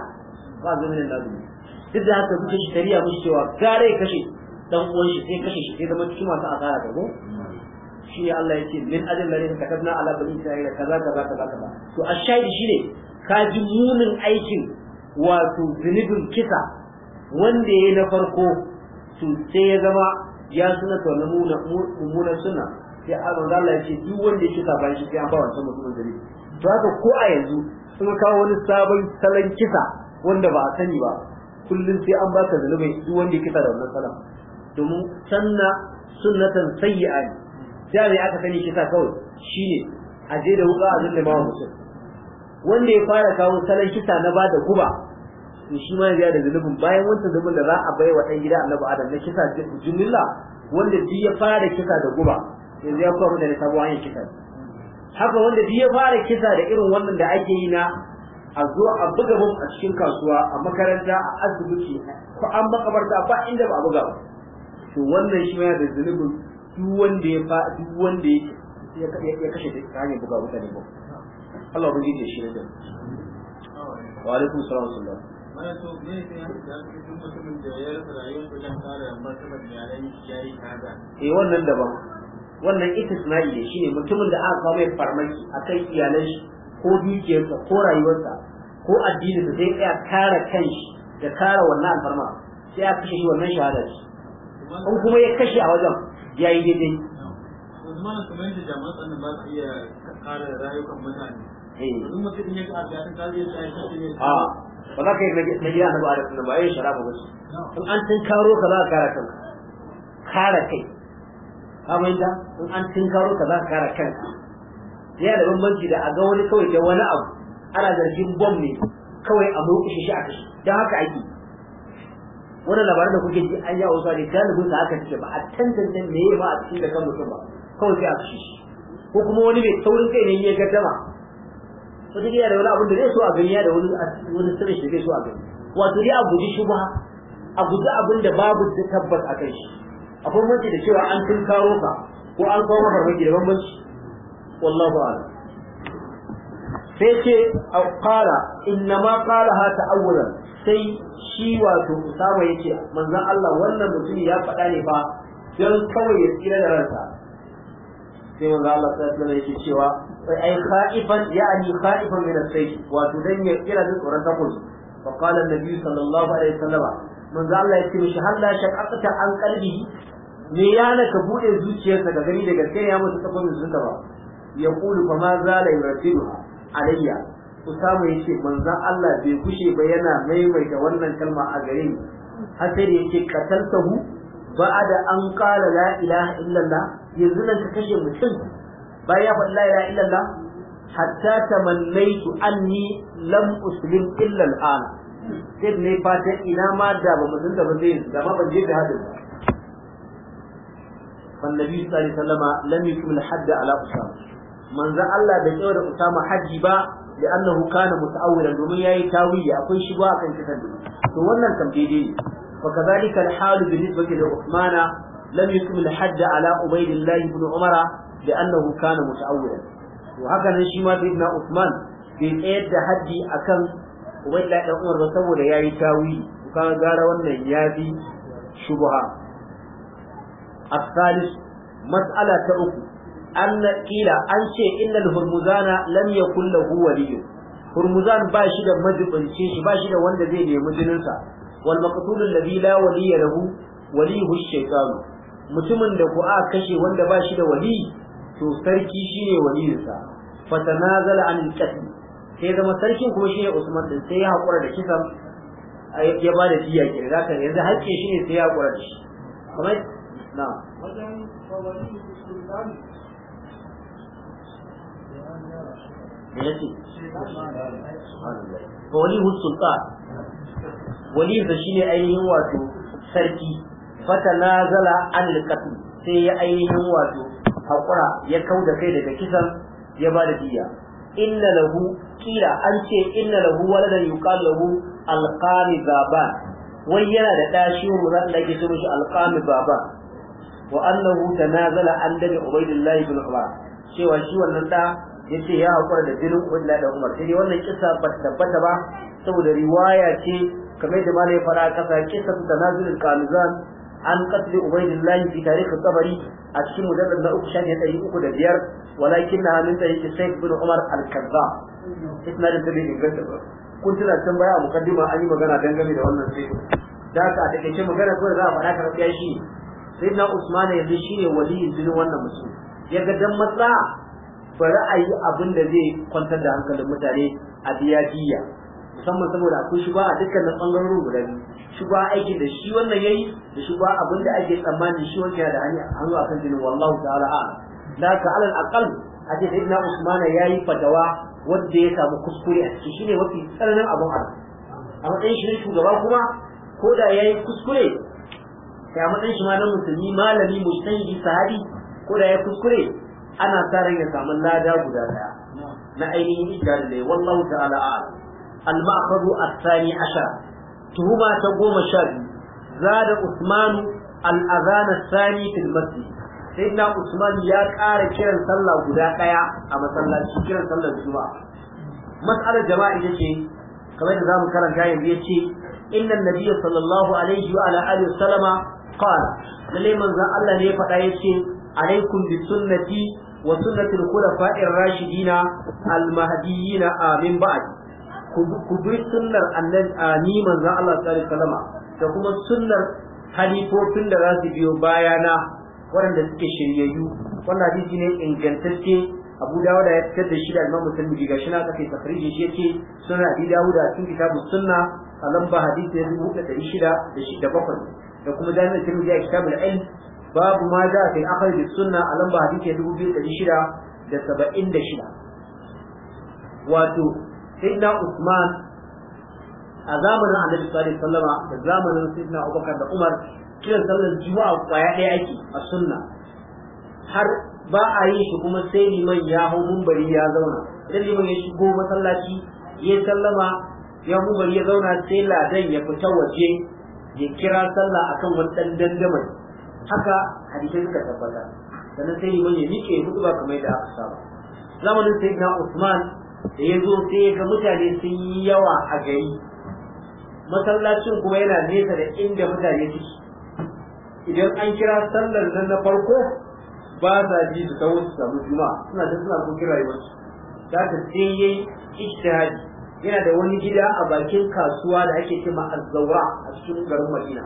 ba zumin lazimi duk da haka kuka shi tariya mun cewa gare kashe dan uwan shi sai kashe shi sai zama cikin masu asara da mu shi ne Allah yake min ajin da ka katabna ala bani isra'ila kaza kaza kaza kaza to ashadi shine ka ji munin aikin wato zunubin kisa wanda ya na farko to sai ya zama ya suna to na muna suna sai a, Allah Allah yake duk wanda ya ka bayan shi sai an ba wancan mutumin ni. to haka ko a yanzu sun kawo wani sabon salon kisa wanda ba a sani ba kullum sai an baka zulubai duk wanda ya kisa da wannan salama. domin sanna sunnatan sayyi'a ne sai ne aka sani kisa kawai shine a je da wuka a zulle ma musu wanda ya fara kawo salon kisa na bada guba to shi ma ya da zulubin bayan wancan zulubin da za a bai wa ɗan gida annabi adam na kisa jumilla wanda duk ya fara kisa da guba yanzu ya fara da sabuwa yin kisa haka wanda duk ya fara kisa da irin wannan da ake yi na a zo a buga bom a cikin kasuwa a makaranta a asibiti ko an makabarta ba inda ba a buga ba to wannan shi ma da zunubin duk wanda ya fa duk wanda ya ya kashe da hanyar buga mutane ba Allah ba zai shi da wa alaikum salam sallam mana so me sai ya da duk mutumin da ya rasa rayuwa da kare amma martabar yaran yayi kaza eh wannan daban wannan istisna'i ne shine mutumin da aka kawo mai farmaki akan iyalan shi ko dukiyarsa ko rayuwarsa ko addininsa sai ya kare kanshi da kare wannan alfarma sai ya kashe shi wannan shahada shi in kuma ya kashe a wajen ya yi daidai Usman kamar yadda jami'an tsanin ba su iya kare rayukan mutane eh. in mutum ya ka alfiya ta zai sa ya kashe ne a ba za ka yi na gida na ba'ar sunan ba ya yi sharafa ba su in an tun karo ka za ka kare kanka kare kai ka in an tun karo ka za ka kare kanka yana da bambanci da a ga wani kawai da wani abu ana zargin bom ne kawai a murƙushe shi a kashi don haka ake Wani labarin da kuke ji an yawo sani galibin sa aka ce ba a tantance me ya ba a cikin da kan mutum ba kawai sai a kashi shi ko kuma wani mai taurin kai ne ya gaddama wata gida da wani abu da zai so a gani ya da wani wani sirri da zai so a gani wato dai a guji shubha a guji abin da babu da tabbas a kai shi akwai mace da cewa an tun karo ka ko an kawo maka da bambanci wallahu a'lam sai ce qala inna ma qalaha ta'awulan sai shi wato Usama yace manzon Allah wannan mutum ya faɗa ne fa don kawai ya tsira da ransa sai manzon Allah sallallahu alaihi yake cewa ai khaifan ya'ni khaifan min as-sayf wato dan ya tsira da tsoron takun fa qala nabi sallallahu alaihi wasallam manzon Allah yake mishi har an me zuciyarsa ga gani da gaskiya ya mutu takun zuka ba yaqulu fa ma zala yurtidu alayya usama yace manzon Allah bai kushe ba yana maimaita wannan kalma a gare ni har sai da yace qataltahu ba'da an qala la ilaha illallah yanzu nan ka kashe mutum bayan ya faɗi la ilaha illallah hatta tamannaitu anni lam uslim illa al'an sai ne fata ina ma da ba mu dinga ba zai da ma ban je da hadin فالنبي صلى الله عليه وسلم لم يكمل الحد على أسامة manzon Allah bai tsawar da Usama haji ba da annahu kana muta'awwilan domin yayi tawili akwai shi a kan kitan to wannan kan daidai ne fa kadhalika al-hal bi nisbati li Uthmana lam yusmi al-hadd ala Ubaydillah ibn Umar da annahu kana muta'awwilan to haka nan shi ma sayyidina Uthman bai tsayar da haji akan Ubaydillah ibn Umar ba saboda yayi tawili kaga gara wannan ya yafi shubha الثالث مسألة أخرى an kila an ce innal hurmuzana lam yakul lahu Waliyu. hurmuzan ba shi da majibincin shi ba shi da wanda zai nemi jinin sa wal maqtul alladhi la waliya lahu waliyyu shaytan mutumin da ku a kashe wanda ba shi da wali to sarki shine waliyin sa fatanazala an alqatl sai zama sarkin kuma shine Usman din sai ya hakura da kisan ya ba da diya ke zaka yanzu haƙƙin shine sai ya hakura da shi kamar na wajen da yake wali sultan wali da shine ainihin wato sarki fatanazala an sai ya ainihin wato ya kai daga kisan ya ba da diya inna lahu kila an ce inna lahu waladan yuqal lahu alqami baba wai yana da dashi muran da yake cewa alqami baba wa annahu tanazala an dabi ubaidillah ibn umar cewa shi wannan da yace ya hakura da jinin Abdullahi da Umar sai wannan kisa ba tabbata ba saboda riwaya ce kamar da malai fara kasa kisa ta nazilul kaluzan an qatl Ubaydillah fi tarikh tabari a cikin mujallad na uku shafi ɗari uku da biyar walakinna min tariqi Sayyid bin Umar al-Kazzab isnadin tabi inganta ba kun tuna can baya a mukaddima an yi magana dangane da wannan sai da haka a takaice magana da za a faɗa kamar shi na Usman yanzu shine waliyin jinin wannan musulmi ya ga dan maslaha bari a yi abin da zai kwantar da hankalin mutane a biya diya musamman saboda akwai shi ba a dukkanin ɓangarorin guda biyu shi ba aiki da shi wannan yayi da shi ba abin da ake tsammani shi wanke da hanyar, hannu kan jinin wallahu ta'ala a da ka alal aqal a ce sayyidina usman yi fatawa wanda ya samu kuskure a cikin shine mafi tsananin abin a a matsayin shi ne shugaba kuma ko da ya yi kuskure ya matsayin shi ma na musulmi malami mujtahidi sahabi ko da ya kuskure ana sa ran ya samu lada guda daya na ainihin ijtihadin da wallahu ta'ala a'lam al-ma'khadhu ath-thani ashar tuhuma ta goma sha biyu zada usman al-adhan ath-thani fil masjid sayyidina usman ya kara kiran sallah guda daya a masallaci kiran sallar juma'a mas'alar jama'a yace ce kamar da zamu karanta yanzu yace inna nabiyya sallallahu alaihi wa alihi wasallama qala lalle manzon Allah ne ya faɗa yace alaikum bi sunnati wa sunnati al-khulafa'i ar-rashidin al-mahdiyyin min ba'di ku bi sunnar annabi ni manzo Allah sallallahu alaihi wasallam da kuma sunnar halifofin da za su biyo bayana waɗanda suke shiryayyu wannan hadisi ne ingantacce Abu Dawud ya fitar da shi da Imam Muslim bi gashi na kace tafrijin shi yake sunan Abi Dawud a cikin kitabu sunna a ya da kuma a babu ma da fi akhar bi sunna a lamba hadisi 2676 wato sayyidina Usman a zamanin Annabi sallallahu alaihi wasallama da zamanin sayyidina Abubakar da Umar kiran sallar juma'a kwaya ɗaya ake a sunna har ba a yi shi kuma sai liman ya hau mumbari ya zauna idan liman ya shigo masallaci ya sallama ya mumbari ya zauna sai ladan ya fita waje ya kira sallah akan wani ɗan dandamali haka hadisai suka tabbata sannan sai liman ya miƙe hudu ba kamar yadda aka saba zamanin sai na usman da ya zo sai ya ga mutane sun yi yawa a gari masallacin kuma yana nesa da inda mutane suke idan an kira sallar nan na farko ba sa ji da ta su samu juma'a suna da suna kun kira yawanci da ta sai ya yi ishtihadi yana da wani gida a bakin kasuwa da ake cema azzaura a cikin garin madina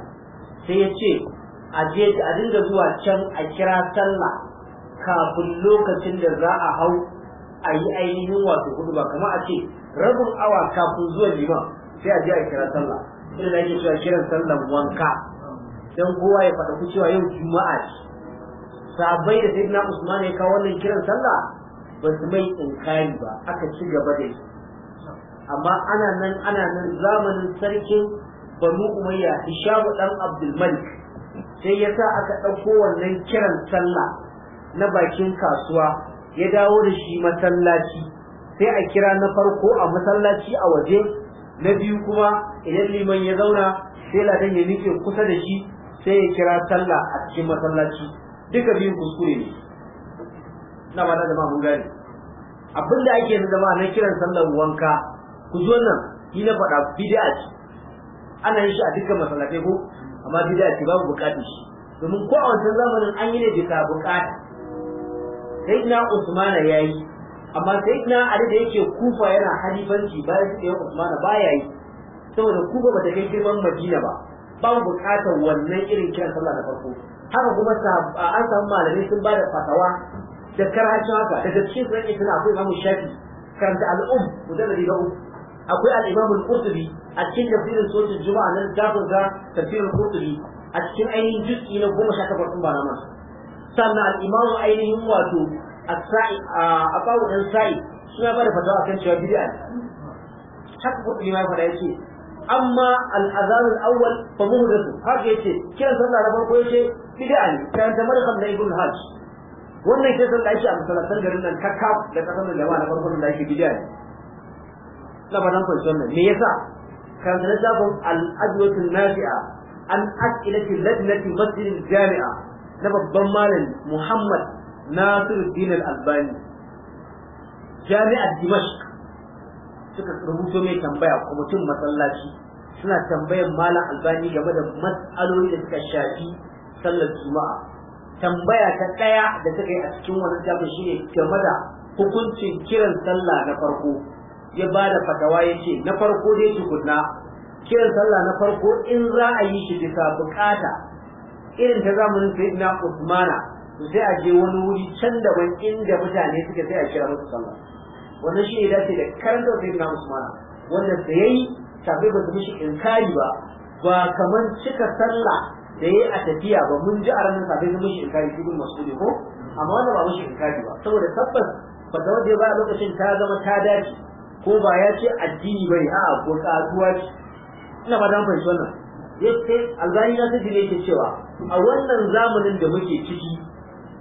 sai ya ce a je a dinga zuwa can a kira sallah kafin lokacin da za a hau a yi ainihin wato hudu ba kamar a ce rabin awa kafin zuwa liman sai a je a kira sallah irin da ake cewa kiran sallan wanka dan kowa ya faɗa cewa yau juma'a ce sabai da sayyidina usman ya kawo wannan kiran sallah ba su mai inkari ba aka ci gaba da shi amma ana nan ana nan zamanin sarkin banu umayya hishamu dan abdul sai ya sa aka ɗauko wannan kiran sallah na bakin kasuwa ya dawo da shi masallaci sai a kira na farko a masallaci a waje na biyu kuma idan liman ya zauna sai ladan ya nike kusa da shi sai ya kira sallah a cikin masallaci duka biyun kuskure ne na ba da mun gani abin da ake zama na kiran sallar wanka ku zo nan ni na faɗa bid'a ce ana yin shi a dukkan masallatai ko amma bid'a ce babu bukatar shi domin ko a wancan zamanin an yi ne bisa buƙata. sai ina usmana yi, amma sai ina ali da yake kufa yana halifanci bayan sai usmana ya yi saboda kufa bata kai girman madina ba babu bukatar wannan irin kiran sallah da farko haka kuma an samu malamai sun ba da fatawa da karhacin haka daga cikin sun ake suna akwai imamu shafi karanta al'um mujalladi riga uku akwai al-Imam al-Qurtubi a cikin tafsirin sojin Juma'a na littafin sa tafsirin Qurtubi a cikin ainihin juz'i na 18 din Barama sannan al ainihin wato a bawo dan Sa'i suna ba bada fatawa akan cewa bid'a haka Qurtubi ma fara yace amma al-azan al-awwal fa muhdathu haka yace kiran sallah na farko yace bid'a ne kan da madkhal da ibn Hajj wannan kiran da yake a masallatan garin nan kakkaf da kasan da jama'a na farko da yake bid'a ne na ba dan kwanciyar nan me yasa kan da zafin al-ajwatun nafi'a an as'ilati lajnati masjidil jami'a na babban malam Muhammad Nasiruddin al-Albani jami'ar Dimashq suka rubuto mai tambaya kwamitin masallaci suna tambayar malam albani game da matsaloli da suka shafi sallar juma'a tambaya ta ɗaya da suka yi a cikin wannan jami'a shine game da hukuncin kiran sallah na farko ya ba da fatawa ya ce na farko dai tukunna kiran sallah na farko in za a yi shi bisa bukata irin ta zamanin sayyidina usmana to sai a je wani wuri can ban inda mutane suke sai a kira musu sallah wannan shi ne dace da karanta sayyidina usmana wanda da yayi tafi ba su mishi inkari ba ba kamar cika sallah da ya yi a tafiya ba mun ji a ranar tafi su mishi inkari su masudi ko amma wanda ba mishi inkari ba saboda tabbas ba da ya ba lokacin ta zama ta dace ko ba ya ce addini bane a'a ko kasuwa ce ina ba dan fahimci wannan yake algani na sai ne ke cewa a wannan zamanin da muke ciki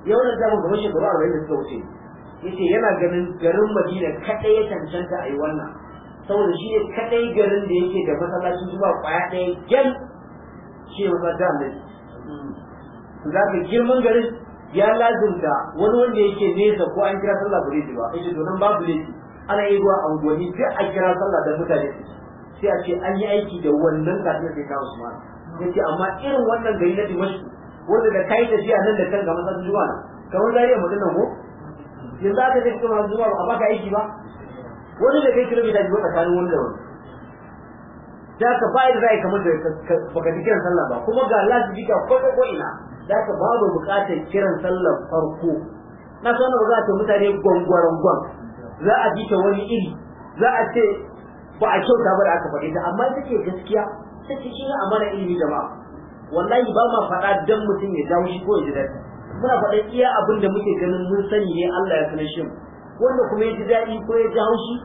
yau da zamu ga shekaru gaba da suka wuce yace yana ganin garin Madina kadai ya cancanta ayi wannan saboda shi ne kadai garin da yake da masallaci zuwa kwaya ɗaya gyan shi masallacin Annabi za ka girman garin ya lazimta wani wanda yake nesa ko an kira sallah ba ba ya to nan babu laifi ana yi ruwa a unguwanni sai a kira sallah da mutane sai a ce an yi aiki da wannan kafin sai ta Usman yace amma irin wannan gari na Dimashq wanda da kai da shi a nan da kan ga masallacin Juma'a kamar zai iya magana ko yanzu aka je cikin masallacin Juma'a ba baka aiki ba wani da kai kilomita biyu tsakanin wani da wani da ka ba da zai kamar da baka ji kiran sallah ba kuma ga Allah ji ka kwata ko ina da ka babu buƙatar kiran sallah farko na sanar za ta mutane gwangwaran gwang za a ji ta wani iri za a ce ba a kyauta ba da aka faɗi ta amma ita ce gaskiya ta ce shi a mana ilimi jama'a wallahi ba ma faɗa dan mutum ya dawo shi ko ya ji daɗi muna faɗa iya abin da muke ganin mun sani ne Allah ya sani shi wanda kuma ya ji daɗi ko ya ji haushi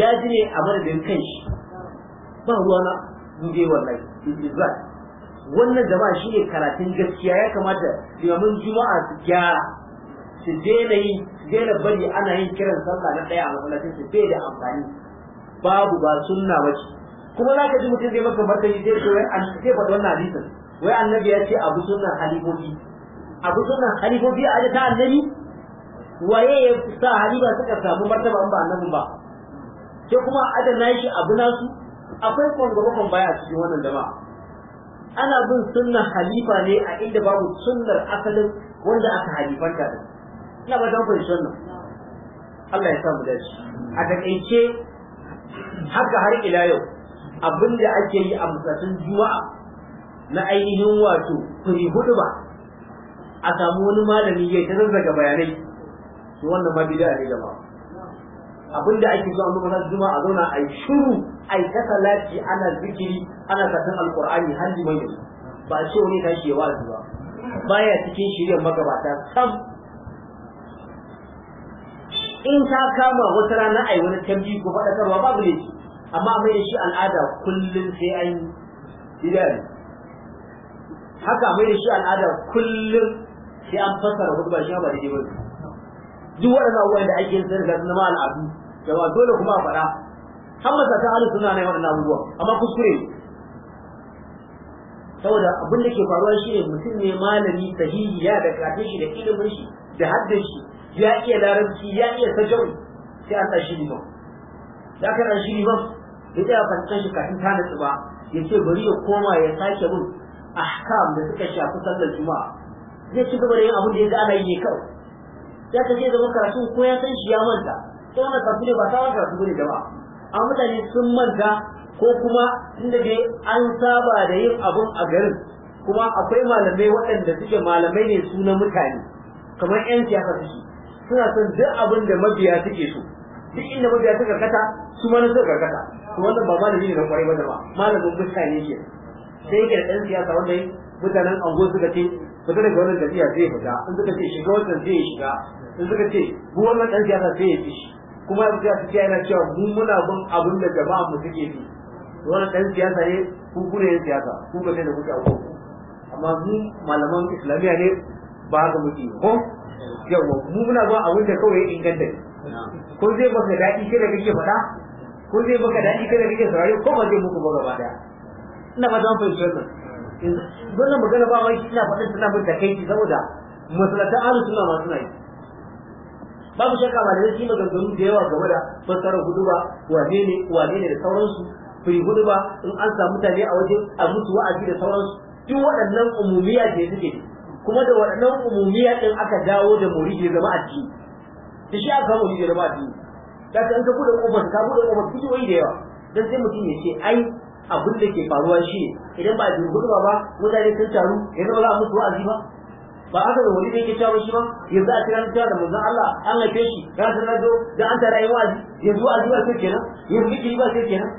ya ji ne a madadin shi. ba na mu dai wallahi izzat wannan jama'a shine karatun gaskiya ya kamata limamin juma'a su gyara su daina yi daina bari ana yin kiran sallah na ɗaya a masallacin su bai da amfani babu ba sunna bace kuma za ka ji mutum zai maka martani zai ce wai an ce faɗi wannan hadisin wai annabi ya ce abu sunna halifofi abu sunna halifofi a ta annabi waye ya sa haliba suka samu martaba an ba annabin ba ke kuma adana shi abu nasu akwai kwangwabakon baya a cikin wannan jama'a ana bin sunnar halifa ne a inda babu sunnar asalin wanda aka halifanta da ina ba don fahimci wannan Allah ya samu dace a takaice haka har ila yau abinda ake yi a musatun juma'a na ainihin wato kuri hudu ba a samu wani malami ya ta zazzaga bayanai to wannan ma bid'a ne jama'a abinda ake so a musatun juma'a zauna a yi shiru a yi ta salati ana zikiri ana katin alkur'ani har mai ba a ce wani tashi ya wa'azi ba baya cikin shirin magabata sam in ta kama wata rana ai wani tambi ko faɗakarwa babu ne amma mai shi al'ada kullum sai an yi haka mai da shi al'ada kullum sai an fassara wata ba shi ba da ba duk waɗannan abubuwan da ake yin sai daga zama al'adu jama'a dole kuma a faɗa har masa ta halin suna ne waɗannan abubuwa amma kuskure saboda abin da ke faruwa shi ne mutum ne malami sahihi ya da kafin shi da ilimin shi da haddin shi ya iya larabci ya iya sajau sai an tashi liman da aka tashi liman ya tsaya fantan shi kafin ta nutsu ba ya ce bari ya koma ya sake bin ahkam da suka shafi sallar juma'a zai ci gaba da yin abin da ya ga ana yi ne kawai ya ce je zama karatu ko ya san shi ya manta ta wannan karatu ne ba ta wani karatu ne jama'a A mutane sun manta ko kuma inda dai an saba da yin abun a garin kuma akwai malamai waɗanda suke malamai ne su na mutane kamar 'yan siyasa suke suna son duk abin da mabiya suke so duk inda mabiya suka karkata su ma na so karkata to wannan ba malami ne da kwarai ba da ba malamin mutane ke sai yake da ɗan siyasa wanda mutanen ango suka ce fita daga wannan tafiya zai fita in suka ce shiga wannan zai shiga in suka ce bu wannan ɗan siyasa zai yi shi kuma yan siyasa ta yana cewa mu muna bin abin da jama'a mu suke bi wannan ɗan siyasa ne ku kuna yin siyasa ku ba sai da kuke abubuwa amma mu malaman islamiyya ne ba ga muke ko yawa mu muna zuwa a wuce kawai ya inganta ko zai baka daɗi kai da kake faɗa ko zai baka daɗi kai da kake saurare ko ba zai muku ba gaba daya ina ba zan fahimci wannan wannan magana ba wai ina faɗin tana bin takaici saboda masalatan ahlu suna ma suna yi babu shakka ba da shi maganganu da yawa game da fassarar huduba wane ne wane ne da sauransu fi huduba in an samu mutane a waje a mutu wa'azi da sauransu duk waɗannan umumiya ce suke kuma da waɗannan umumiya ɗin aka dawo da muridi zama addini da shi aka samu da zama addini da ka ka buɗe ƙofar ka buɗe ƙofar kuji wai da yawa dan sai mutum ya ce ai abin da ke faruwa shi ne idan ba a jin gudu ba mutane sun taru ya ba za a musu wa'azi ba ba aka da wani da yake cewa shi ba yanzu a cikin cewa da manzon Allah an haife shi ran san nazo da an tara yi yanzu wa'azi ba sai kenan yanzu zikiri ba sai kenan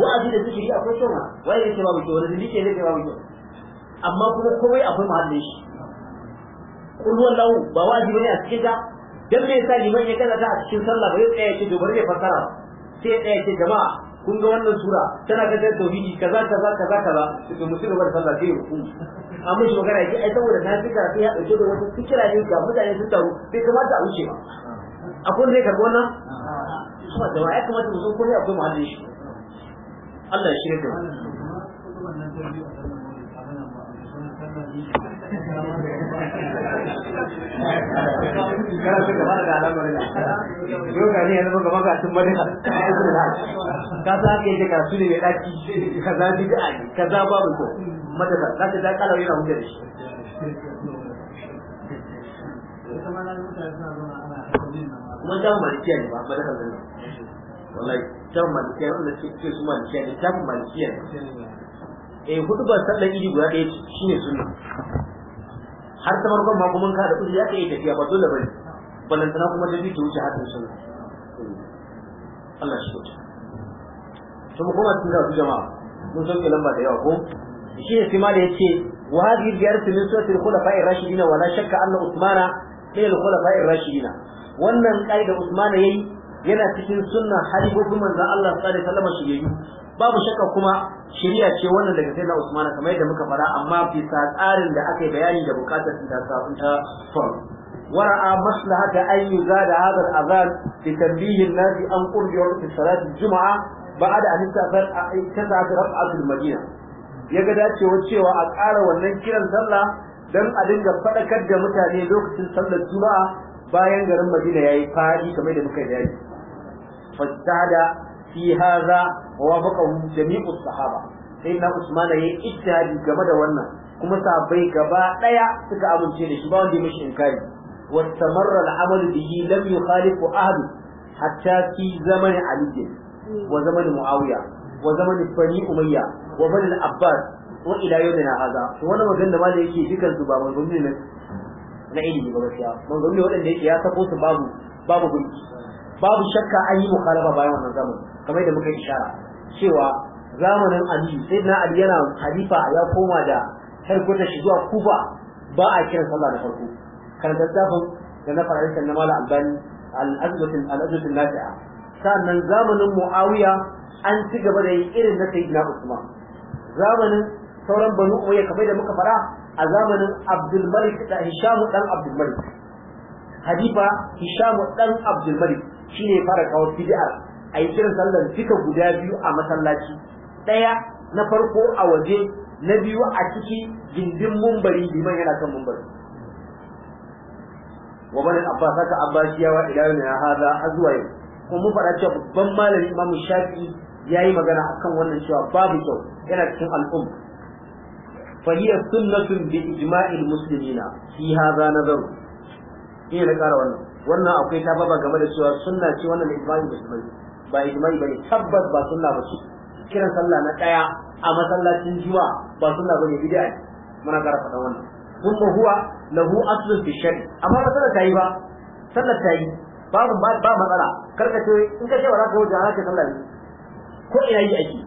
wa'azi da zikiri akwai kyau ma wai yake babu kyau da zikiri yake babu kyau amma kuma komai akwai mahallin shi kun ruwan ba wajibi ne a cikin ta dan me yasa liman ya kaza ta a cikin sallah ba yake yake dubar ne fasara. sai ya tsaya ce jama'a kun ga wannan sura tana dai tauhidi kaza kaza kaza kaza to mutum ga sallah sai ya ruku amma shi magana yake ai saboda na fi karatu ya dauke da wata fikira ne ga mutane sun taru bai kamata a wuce ba akwai ne karɓi wannan kuma da ya kamata mu ko komai akwai muhallin shi Allah ya shirya da mu kana so gaba da al'amarin yau ne gaba sa yi ko ta yana shi kuma ta ne ba ta eh hudu ba sallan iri guda ɗaya ne suna. har ta farkon ma kuma ka da kudi ya kai tafiya ba dole bane balantana kuma da bitu wuce hadin sun Allah shi ta. to mu kuma tunda su jama'a mun sauke lamba da yawa ko shi ne sima da ya ce wa hadhihi ziyaratu min surat al-khulafa'i ar-rashidin wa la shakka anna usmana min al-khulafa'i ar wannan kai da usmana yayi yana cikin sunna halifofin manzon Allah sallallahu alaihi wasallam babu shakka kuma shiriya ce wannan daga sai na Usman kamar yadda muka fara amma bisa tsarin da aka yi bayani da bukatar ta kafin ta faru ورأى مصلحة أن يزاد an الأذان لتنبيه الناس عن قرب وقت صلاة الجمعة بعد أن اتسعت رفعة المدينة ya ga dacewar cewa a ƙara wannan kiran sallah don a dinga faɗakar da mutane lokacin sallar juma'a bayan garin madina ya yi fadi kamar da muka yi فازداد في هذا ووافقه جميع الصحابه Usman عثمان يا اجتهادي game da wannan kuma sabai gabaɗaya suka amince da shi ba wanda ya mishi inkari wastamarra al-amal bihi lam yukhalif ahad hatta fi zaman ali wa zaman muawiya wa zaman bani umayya wa bani al-abbas wa ila yawmina hadha wannan magana da malai yake dukan su ba manzon ne na ilimi ba gaskiya manzon ne wanda yake ya tabo su babu babu gunki babu shakka an yi mukhalafa bayan wannan zamani kamar yadda muka ishara cewa zamanin Ali sai na Ali yana halifa ya koma da harkotar shi zuwa Kufa ba a kiran sallah da farko kan littafin da na fara kan Mala Albani al-Azbatul al-Azbatul Nafi'a sannan zamanin Muawiya an ci gaba da yin irin na Sayyidina Usman zamanin sauran Banu Umayya kamar da muka fara a zamanin Abdul Malik da Hisham dan Abdul Malik halifa Hisham dan Abdul Malik shine fara kawo bid'a a yi kiran sallar cika guda biyu a masallaci ɗaya na farko a waje na biyu a ciki gindin mumbari liman yana kan mumbari wa bani abbas haka wa ila yau hada azwai yau kuma fara faɗa cewa babban malami imam shafi ya yi magana akan wannan cewa babu kyau yana cikin al'um fahiyar sunnatun bi ijma'il muslimina fi hadha nazaru ina da ƙara wannan wannan akwai ta game da cewa sunna ce wannan ijma'i ba bai ba ijma'i bane tabbas ba sunna ba shi. kiran sallah na daya a masallacin juwa ba sunna bane bid'a ce muna ƙara faɗa wannan kuma huwa lahu aslun fi shari amma ba sallar tayi ba sallar tayi babu ba matsala karka ce in ka ce ba za ka wuce haka sallar ko ina yi ake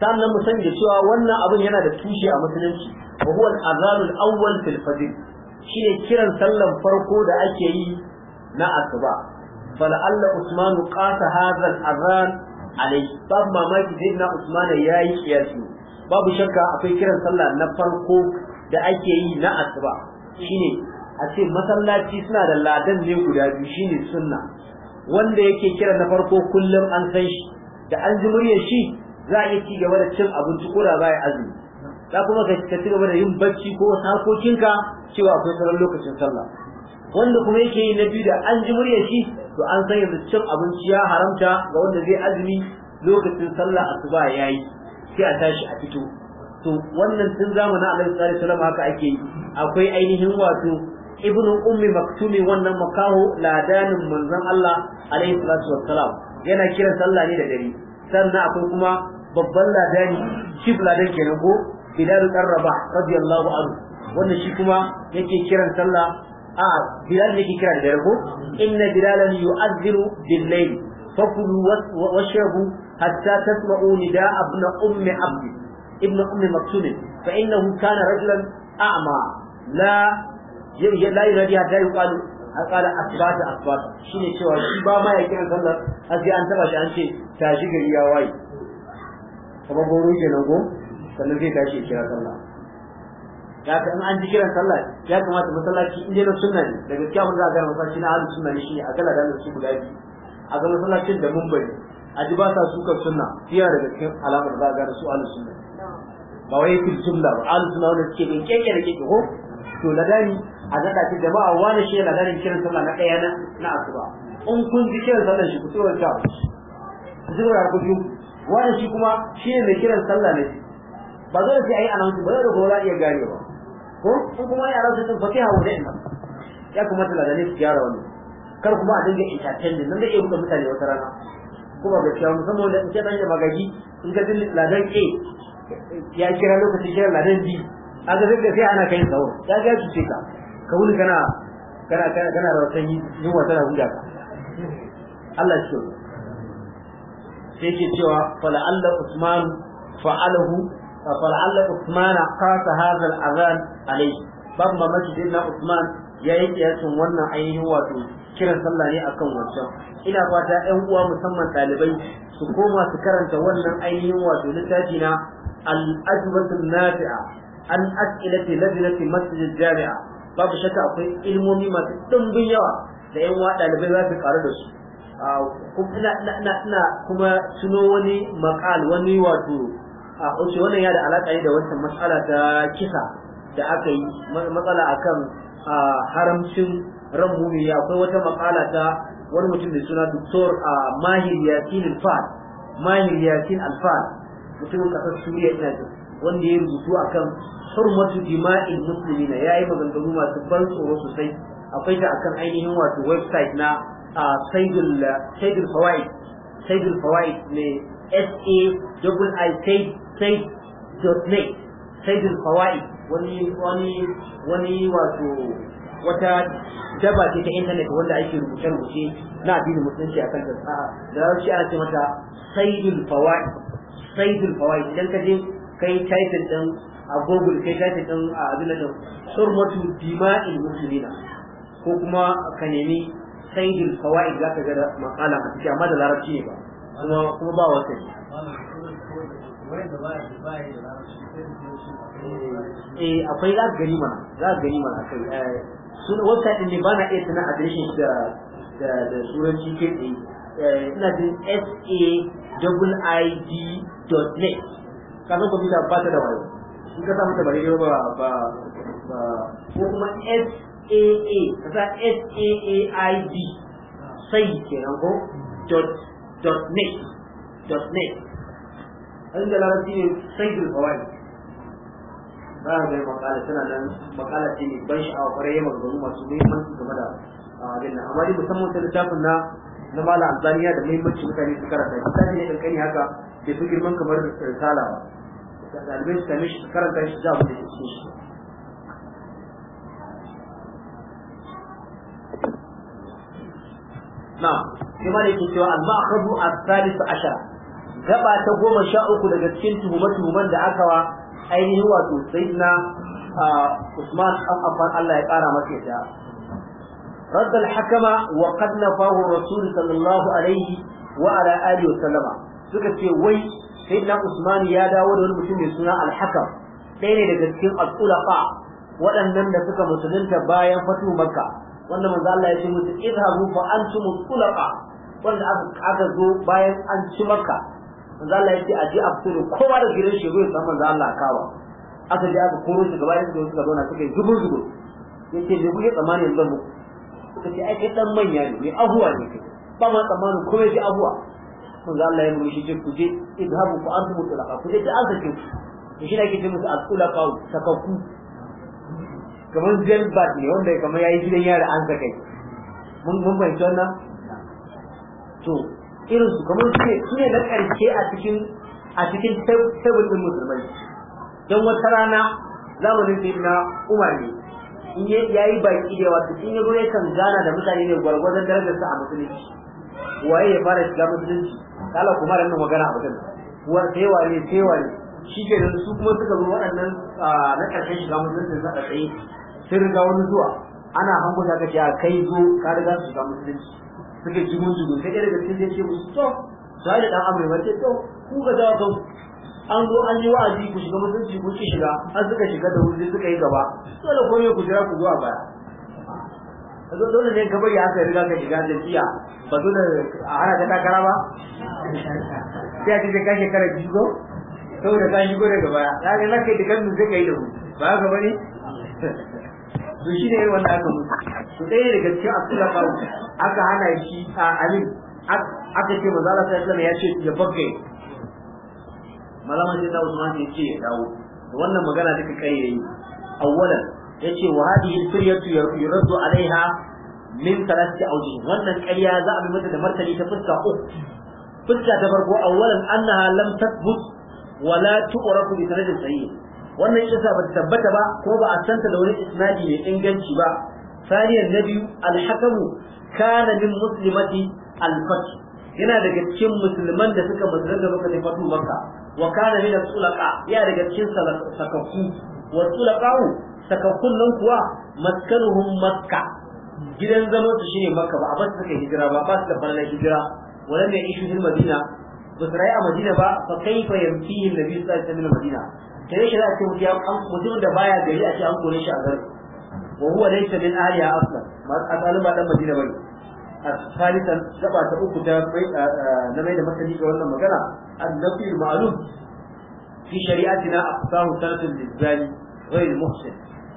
sannan mu sani da cewa wannan abin yana da tushe a musulunci wa huwa al-azanul awwal fil fadl shine kiran sallan farko da ake yi na asuba fala'alla usman qasa hadha al-adhan alai bab mamaki sayyidina usman yayi kiyasi babu shakka akwai kiran sallah na farko da ake yi na asuba shine a ce masallaci suna da ladan ne guda biyu shine sunna wanda yake kiran na farko kullum an san shi da an ji muryar shi za a iya ci gaba da cin abinci ko da baya azumi za kuma ka ci gaba da yin bacci ko sakokinka cewa akwai sauran lokacin sallah wanda kuma yake yi na biyu da an ji muryar shi to an san yanzu cin abinci ya haramta ga wanda zai azumi lokacin sallah asuba yi, sai a tashi a fito to wannan tun zamanin Annabi sallallahu wasallam haka ake yi akwai ainihin wato ibn ummi maktumi wannan makaho ladanin manzon Allah alaihi salatu wassalam yana kiran sallah ne da dare sannan akwai kuma babban ladani shi ladan kenan ko bilal dan rabah radiyallahu anhu wannan shi kuma yake kiran sallah a bilal yake kira da dare ko inna bilalan yu'adhdhiru bil layl fakulu washrabu hatta tasma'u nida'a ibn ummi Abdi, ibn ummi maktum fa innahu kana rajulan a'ma la la yunadi hatta yuqalu qala asbata asbata shine cewa shi ba ma ya kiran sallar har sai an taba shi an ce tashi gari ya waye kamar goro kenan ko sannan zai tashi ya kira sallah ya ka in an ji kiran sallah ya kamata masallaci in dai na sunna ne da gaskiya wanda za a gane masallaci na ahlus sunna ne shine a kala da su guda biyu a ga masallacin da mun bari a ji ba sa sukar sunna fiya daga cikin alamar za a gane su ahlus sunna ba wai fil jumla ba ahlus sunna wanda suke bin keke da keke ko to ladani a zaɗa ce jama'a wani shi na ladanin kiran sallah na ɗaya na asuba in kun ji kiran sallah shi ku tsirar ta ku ji ku wani shi kuma shi ne mai kiran sallah ne ba zai sai ayi anansu ba da gora iya gane ba ko in kuma ya rasu din fatiha wurin nan ya kuma tana da nufi gyara wani kar kuma a dinga entertainment nan da iya da mutane wata rana kuma gaskiya musamman wanda in ce dan magaji in ka dinga ladan A ya kira lokacin kira ladan B a ga zai sai ana kai sawo ya ga shi ka ka wuni kana kana kana rawatan yunwa wata da ka Allah shi sai ke cewa fala Allah Usman fa'alahu fal'alla Usman qasa hadha al-adhan alayhi babu mamaki din na Usman ya yi kiyasin wannan ainihin wato kiran sallah ne akan wancan ina fata 'yan uwa musamman ɗalibai su koma su karanta wannan ainihin wato littafi na al-ajwatun nafi'a an as'ilati ladinati masjid jami'a babu shakka akwai ilmomi masu ɗumbin yawa da ƴan ɗalibai za su karu da su kuma ina ina ina kuma wani maqal wani wato a oce wannan ya da alaka ne da wancan matsala ta kisa da aka yi matsala akan haramcin ran ya akwai wata makala ta wani mutum da suna doktor a mahir yasin alfar mahir yasin mutumin kasar suriya ina jin wanda ya rubutu akan hurmatu dima'il muslimina yayi maganganu masu ban tsoro sosai akwai ta akan ainihin wato website na saidul saidul fawaid saidul fawaid ne S A double I said site.net saidin fawa'i wani wani wani wato wata daba ce ta intanet wanda ake rubuce-rubuce na addinin musulunci a kan ta da yawanci ana ce mata saidin fawa'i saidin fawa'i idan ka je kai title din a google kai title din a abin da surmatu dima'il muslimina ko kuma ka nemi saidin fawa'i zaka ga makala a cikin amma da larabci ne ba kuma ba wasu eh akwai za gani mana za gani mana akai eh, suna wata din ne ba na iya tana adireshin da da da turanci ke eh, ina jin kwamfuta ba ta da wayo in ka samu tabari ba ba ko kuma ka sa kenan ko dot dot net dot net an da larabci ne sai gil kawai za a gani makala tana nan makala ce mai ban sha'awa kwarai ya maganganu masu muhimmanci game da abin nan amma dai musamman ta littafin na na mala albaniya da muhimmanci mutane su karanta littafi ne kankani haka bai fi girman kamar risala ba ɗalibai su same shi su karanta shi za mu da shi نعم كما يقول المأخذ الثالث عشر gaba ta goma sha uku daga cikin tuhume-tuhumen da aka wa ainihin wato sayyidina Usman Affan Allah ya kara masa yadda رد الحكم وقد نفاه الرسول صلى الله عليه وعلى wa Sallama, suka ce wai na Usman ya dawo da wani mutum mai suna al-Hakam ɗaya ne daga cikin al-Ulafa waɗannan da suka musulunta bayan fatu Makka wanda manzo Allah ya ce musu idhabu fa antum al-Ulafa wanda aka zo bayan an ci Makka manzo Allah yace a a fito kowa da gidan shi ya samu manzo Allah kawa aka je aka koro shi gaba yanzu suka na suka yi zubur zubur yace me kuke tsammani yanzu mu kace ai kai dan manya ne mai abuwa ne kai ba ma tsammanin kuma ji abuwa manzo Allah ya mushi je ku je idhabu ku antum mutlaqa kuje ta da azakin ku shi da kike musu al-tulaqa sakakku kamar jail bat ne wanda kamar yayi gidan yara an sakai mun mun bai wannan to irin su kamar su ne su ne na karshe a cikin a cikin tebul din musulmai don wata rana zamanin da na umar ne in ya yi baki da wasu in ya gure yakan gana da mutane ne gwargwadon sa a musulunci waye ya fara shiga musulunci kala kuma da magana a wajen wa sai waye sai waye shi ke su kuma suka zo waɗannan na ƙarshen shiga musulunci su a tsaye sun riga wani zuwa ana hango ta kace a kai zo ka riga su shiga musulunci suka jigun jigun sai ɗaya daga cikin zai ce musu to sai da ɗan amurwa ce to ku ga dawa ku an zo an yi wa'azi ku shiga mutunci ku ki shiga an suka shiga da wuri suka yi gaba dole ko ku jira ku zuwa baya zo dole ne kamar ya aka riga ka shiga tiya ba dole a hana ta takara ba sai a ce ka shekara biyu ko saboda ka shigo daga baya ya ga kai da kan zai kai da ku ba ka bane to shi ne wanda aka mutu to ɗaya daga cikin asulafa aka hana shi a amin aka ce manzo Allah sallallahu alaihi ya ce ya bagge malama sai da Usman ya ce ya dawo wannan magana duka kai ya yayi awwalan ce wa hadhihi firyatu yuraddu alaiha min thalathati awjih wannan ƙarya za a bi mata da martani ta fuska uku fuska ta farko awwalan annaha lam tathbut wala tuqrafu bi sanadin sahih wannan isa ba ta tabbata ba ko ba a santa da wani isnadi mai inganci ba ثانيا النبي الحكم kana min muslimati al-fath yana daga cikin musulman da suka musulunta lokacin fatu makka wa kana min as-sulaqa yana daga cikin sakakku wa sulaqa'u sakakkun nan kuwa maskanuhum makka gidan zaman su shine makka ba a ba su hijira ba ba su da falalar hijira wala mai ishu fil madina ba su rayu a madina ba fa kaifa yamtihi nabi sallallahu alaihi wasallam madina sai shi za a ce mutum da baya gari a ce an kore shi a garin وهو ليس من min ahliha aslan ma asalin ba dan madina bane a salisan gaba ta uku ta na mai da masani ga wannan magana ثلاثة ma'lum fi shari'atina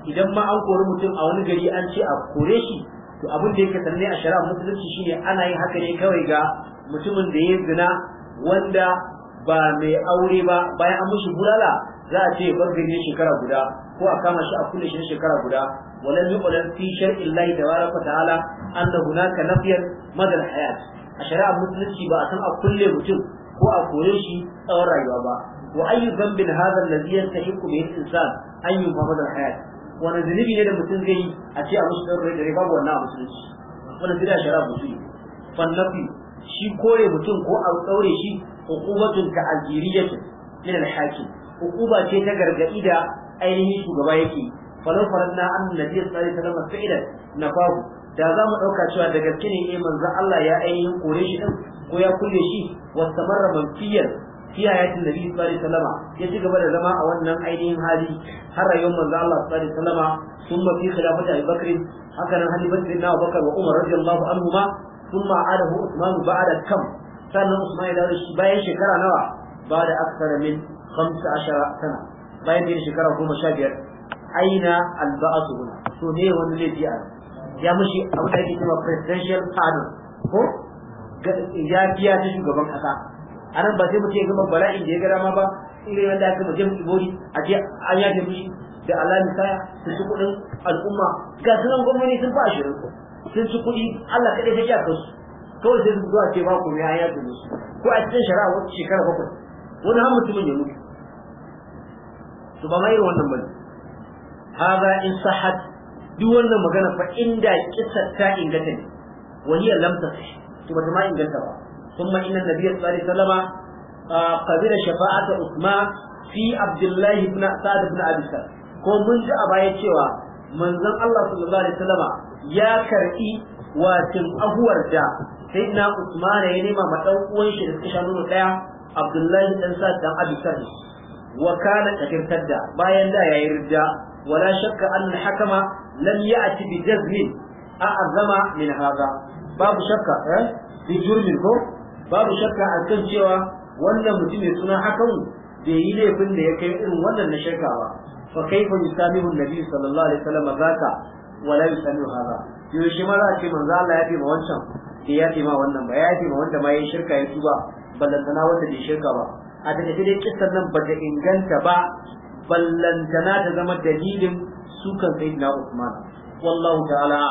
إذا ما lizali ghayr أو idan ma an kori mutum a wani an ce a kore shi to abin da yake sanne a shari'a musulunci shine ana yin haka ne kawai ga mutumin da ya zina wanda ba mai aure ba bayan an mushi bulala za a ce bar gari shekara guda ko a kama shi a kulle shi shekara guda ولم يعلم في شرع الله تبارك وتعالى أن هناك نفيا مدى الحياة الشريعة المسلمة بأسان كل mutum ko a kore shi tsawon rayuwa ba wa ayyu zambin hadha alladhi yastahiqu bihi al-insan an yufama wani zunubi ne da mutum zai yi a ce a musu tsawon rai babu wannan abu sun ci wani zira shari'a musu fannafi shi kore mutum ko a tsaure shi hukumatun ta aljeriyatu min al ce ta gargadi da ainihin shugaba yake falau faranna an nabi sallallahu alaihi wasallam na nafahu da za mu dauka cewa da gaske ne eh manzo Allah ya ainihin kore shi din ko ya kulle shi wastamarra manfiyan fi hayatin nabi sallallahu alaihi wasallam ya ci gaba da zama a wannan ainihin hali har rayuwar manzo Allah sallallahu alaihi wasallam thumma fi khilafati Abi Bakr haka nan halifatu na Abu Bakr wa Umar radiyallahu anhuma thumma adahu Uthman ba'da kam sannan Uthman ya dawo bayan shekara nawa ba da aksara min 15 sana bayan da shekara 15 aina alba'atu huna to ne wani laifi a ya mushi abu da yake cewa presidential pardon ko ya biya ta shugaban kasa a nan ba sai mutum ya gama bala'in da ya gara ma ba irin wanda aka mutum ibori a je an yafe mushi da Allah saya su ci kuɗin al'umma ga sunan gwamnati sun fa ashirin sun ci kuɗi Allah kaɗai ta iya kansu kawai sai su zuwa ce ba ku ya yaje musu ko a cikin shari'a wata shekara bakwai wani har mutumin ya mutu su ba ma irin wannan bane hadha in sahad duk wannan magana fa inda kissa ta inganta ne wa hiya lam tasih to bata ma inganta ba thumma inna nabiyya sallallahu alaihi wasallam qabila shafa'ata fi abdullah ibn sa'd ibn abi ko mun ji a baya cewa manzon Allah sallallahu alaihi wasallam ya karbi watin ahuwar da sayyidina usman ya nema ma dan shi da suka nuna daya abdullahi dan sa'd dan abi wa da bayan da yayi ولا شك أن الحكم لم يأتي بجزم أعظم من هذا باب شك أه؟ بجرم باب شك أكن cewa wannan mutum suna hakan bai yi laifin da ya kai irin wannan na shirka ba fa kaifa yusamihu nabi sallallahu alaihi wasallam zaka wala yusamihu hada yau shi ma za a ce manzo Allah ya fi ma wancan bai ya fi ma wannan ba ya fi ma ya shirka ya wanda shirka ba a daga dai kissan nan ba inganta ba ballantana ta zama dalilin sukan sayyidina Usman wallahu ta'ala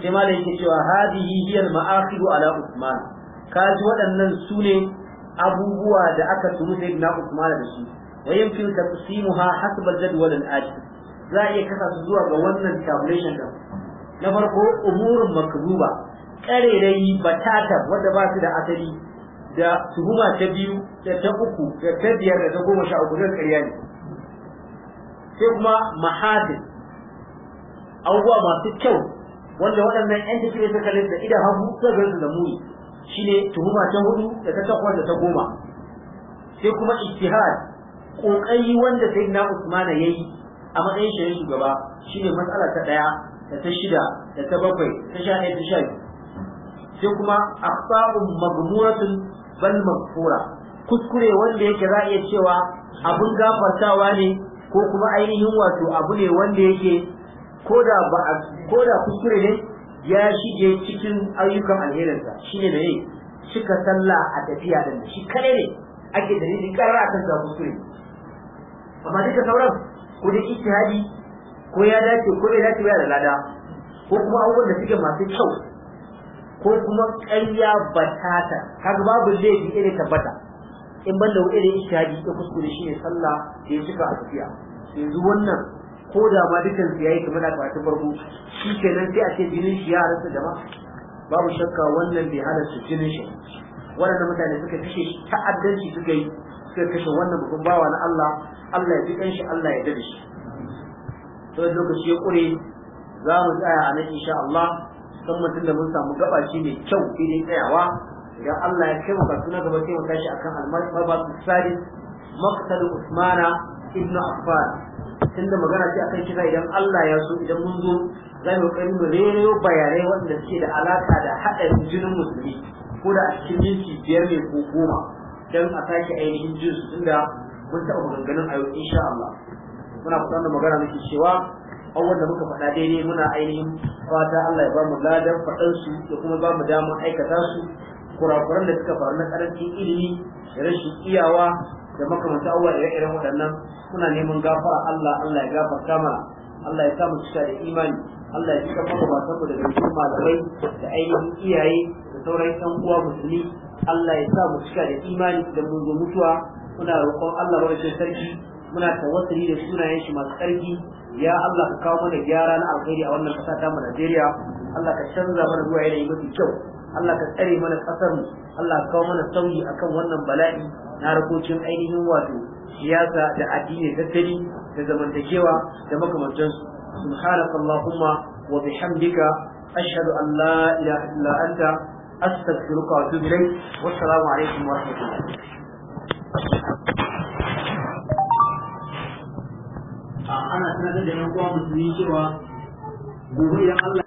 sai ma da yake cewa hadihi hiya al-ma'akhidu ala Usman kaji waɗannan sune abubuwa da aka turu sayyidina Usman da su wa yumkin taqsimuha hasab al-jadwal al-ati za iya kasa su zuwa ga wannan tabulation din na farko umurun makruba karerai batata wanda ba su da asali da tuhuma ta biyu da ta uku da ta biyar da ta goma sha uku ƙarya ne sai kuma mahadin abubuwa masu kyau wanda waɗannan yan ne suka da idan hagu ta gansu da muni shine tuhuma ta hudu da ta takwas da ta goma sai kuma ijtihad kokari wanda sayyidina Usman yayi a matsayin shi shugaba shine matsala ta daya da ta shida da ta bakwai ta sha ɗaya ta sha sai kuma akhta'un maghmuratun bal maghfura kuskure wanda yake za iya cewa abun gafartawa ne ko kuma ainihin wato abu ne wanda yake koda ba koda kuskure ne ya shige cikin ayyukan alherinsa shine ne cika sallah a tafiya da shi kare ne ake da ni karar a sa kuskure amma duka sauran ko da ijtihadi ko ya dace ko bai dace ba da lada ko kuma abubuwan da suke masu kyau ko kuma ƙarya batata kaga babu zai laifi irin tabbata in ban da irin ishtihadi ta kuskure shi ne sallah da ya cika a tafiya yanzu wannan ko da ma dukkan su yayi kamar a karatun farko shi kenan sai a ce jinin shi ya rasa jama'a babu shakka wannan bai hana su jinin shi waɗannan mutane suka kashe ta'addanci suka yi suka kashe wannan babban bawa na Allah Allah ya ji kanshi Allah ya dade shi to lokaci ya kure za mu tsaya a nan insha Allah san mutum da mun samu gabaci mai kyau idan tsayawa dan Allah ya kai maka suna gaba sai mu tashi akan al-mabas sadis maqtal usmana ibn affan tunda magana ce akan kisa idan Allah ya so idan mun zo za mu kai mu bayanai wanda suke da alaka da hadarin jinin musulmi ko da a cikin minti biyar ne ko goma dan a sake ainihin jin su tunda mun taɓa maganganun a yau insha Allah muna kusan da magana muke cewa awwal da muka faɗa daidai muna ainihin fata Allah ya ba mu ladan faɗansu da kuma ba mu damar aikata su kurakuran da suka faru na karancin ilimi rashin iyawa da makamanta abubuwa ire-iren waɗannan muna neman gafara Allah Allah ya gafarta mana Allah ya samu cika da imani Allah ya cika maka matanmu daga cikin malamai da ainihin iyaye da sauran ɗan uwa musulmi Allah ya samu cika da imani da mun zo mutuwa muna roƙon Allah shi sarki muna tawassuli da sunayen shi masu tsarki ya Allah ka kawo mana gyara na alkhairi a wannan ƙasa ta Najeriya Allah ka canza mana zuwa yanayi mafi kyau Allah ka tsare mana kasar mu Allah ka kawo mana sauyi akan wannan bala'i na harkokin ainihin wato siyasa da addini tattali da zamantakewa da makamantansu subhanaka allahumma wa bihamdika ashhadu an la ilaha illa anta astaghfiruka wa atubu ilayk wa assalamu alaikum wa rahmatullahi ana sanar da yan uwa musulmi cewa gobe idan Allah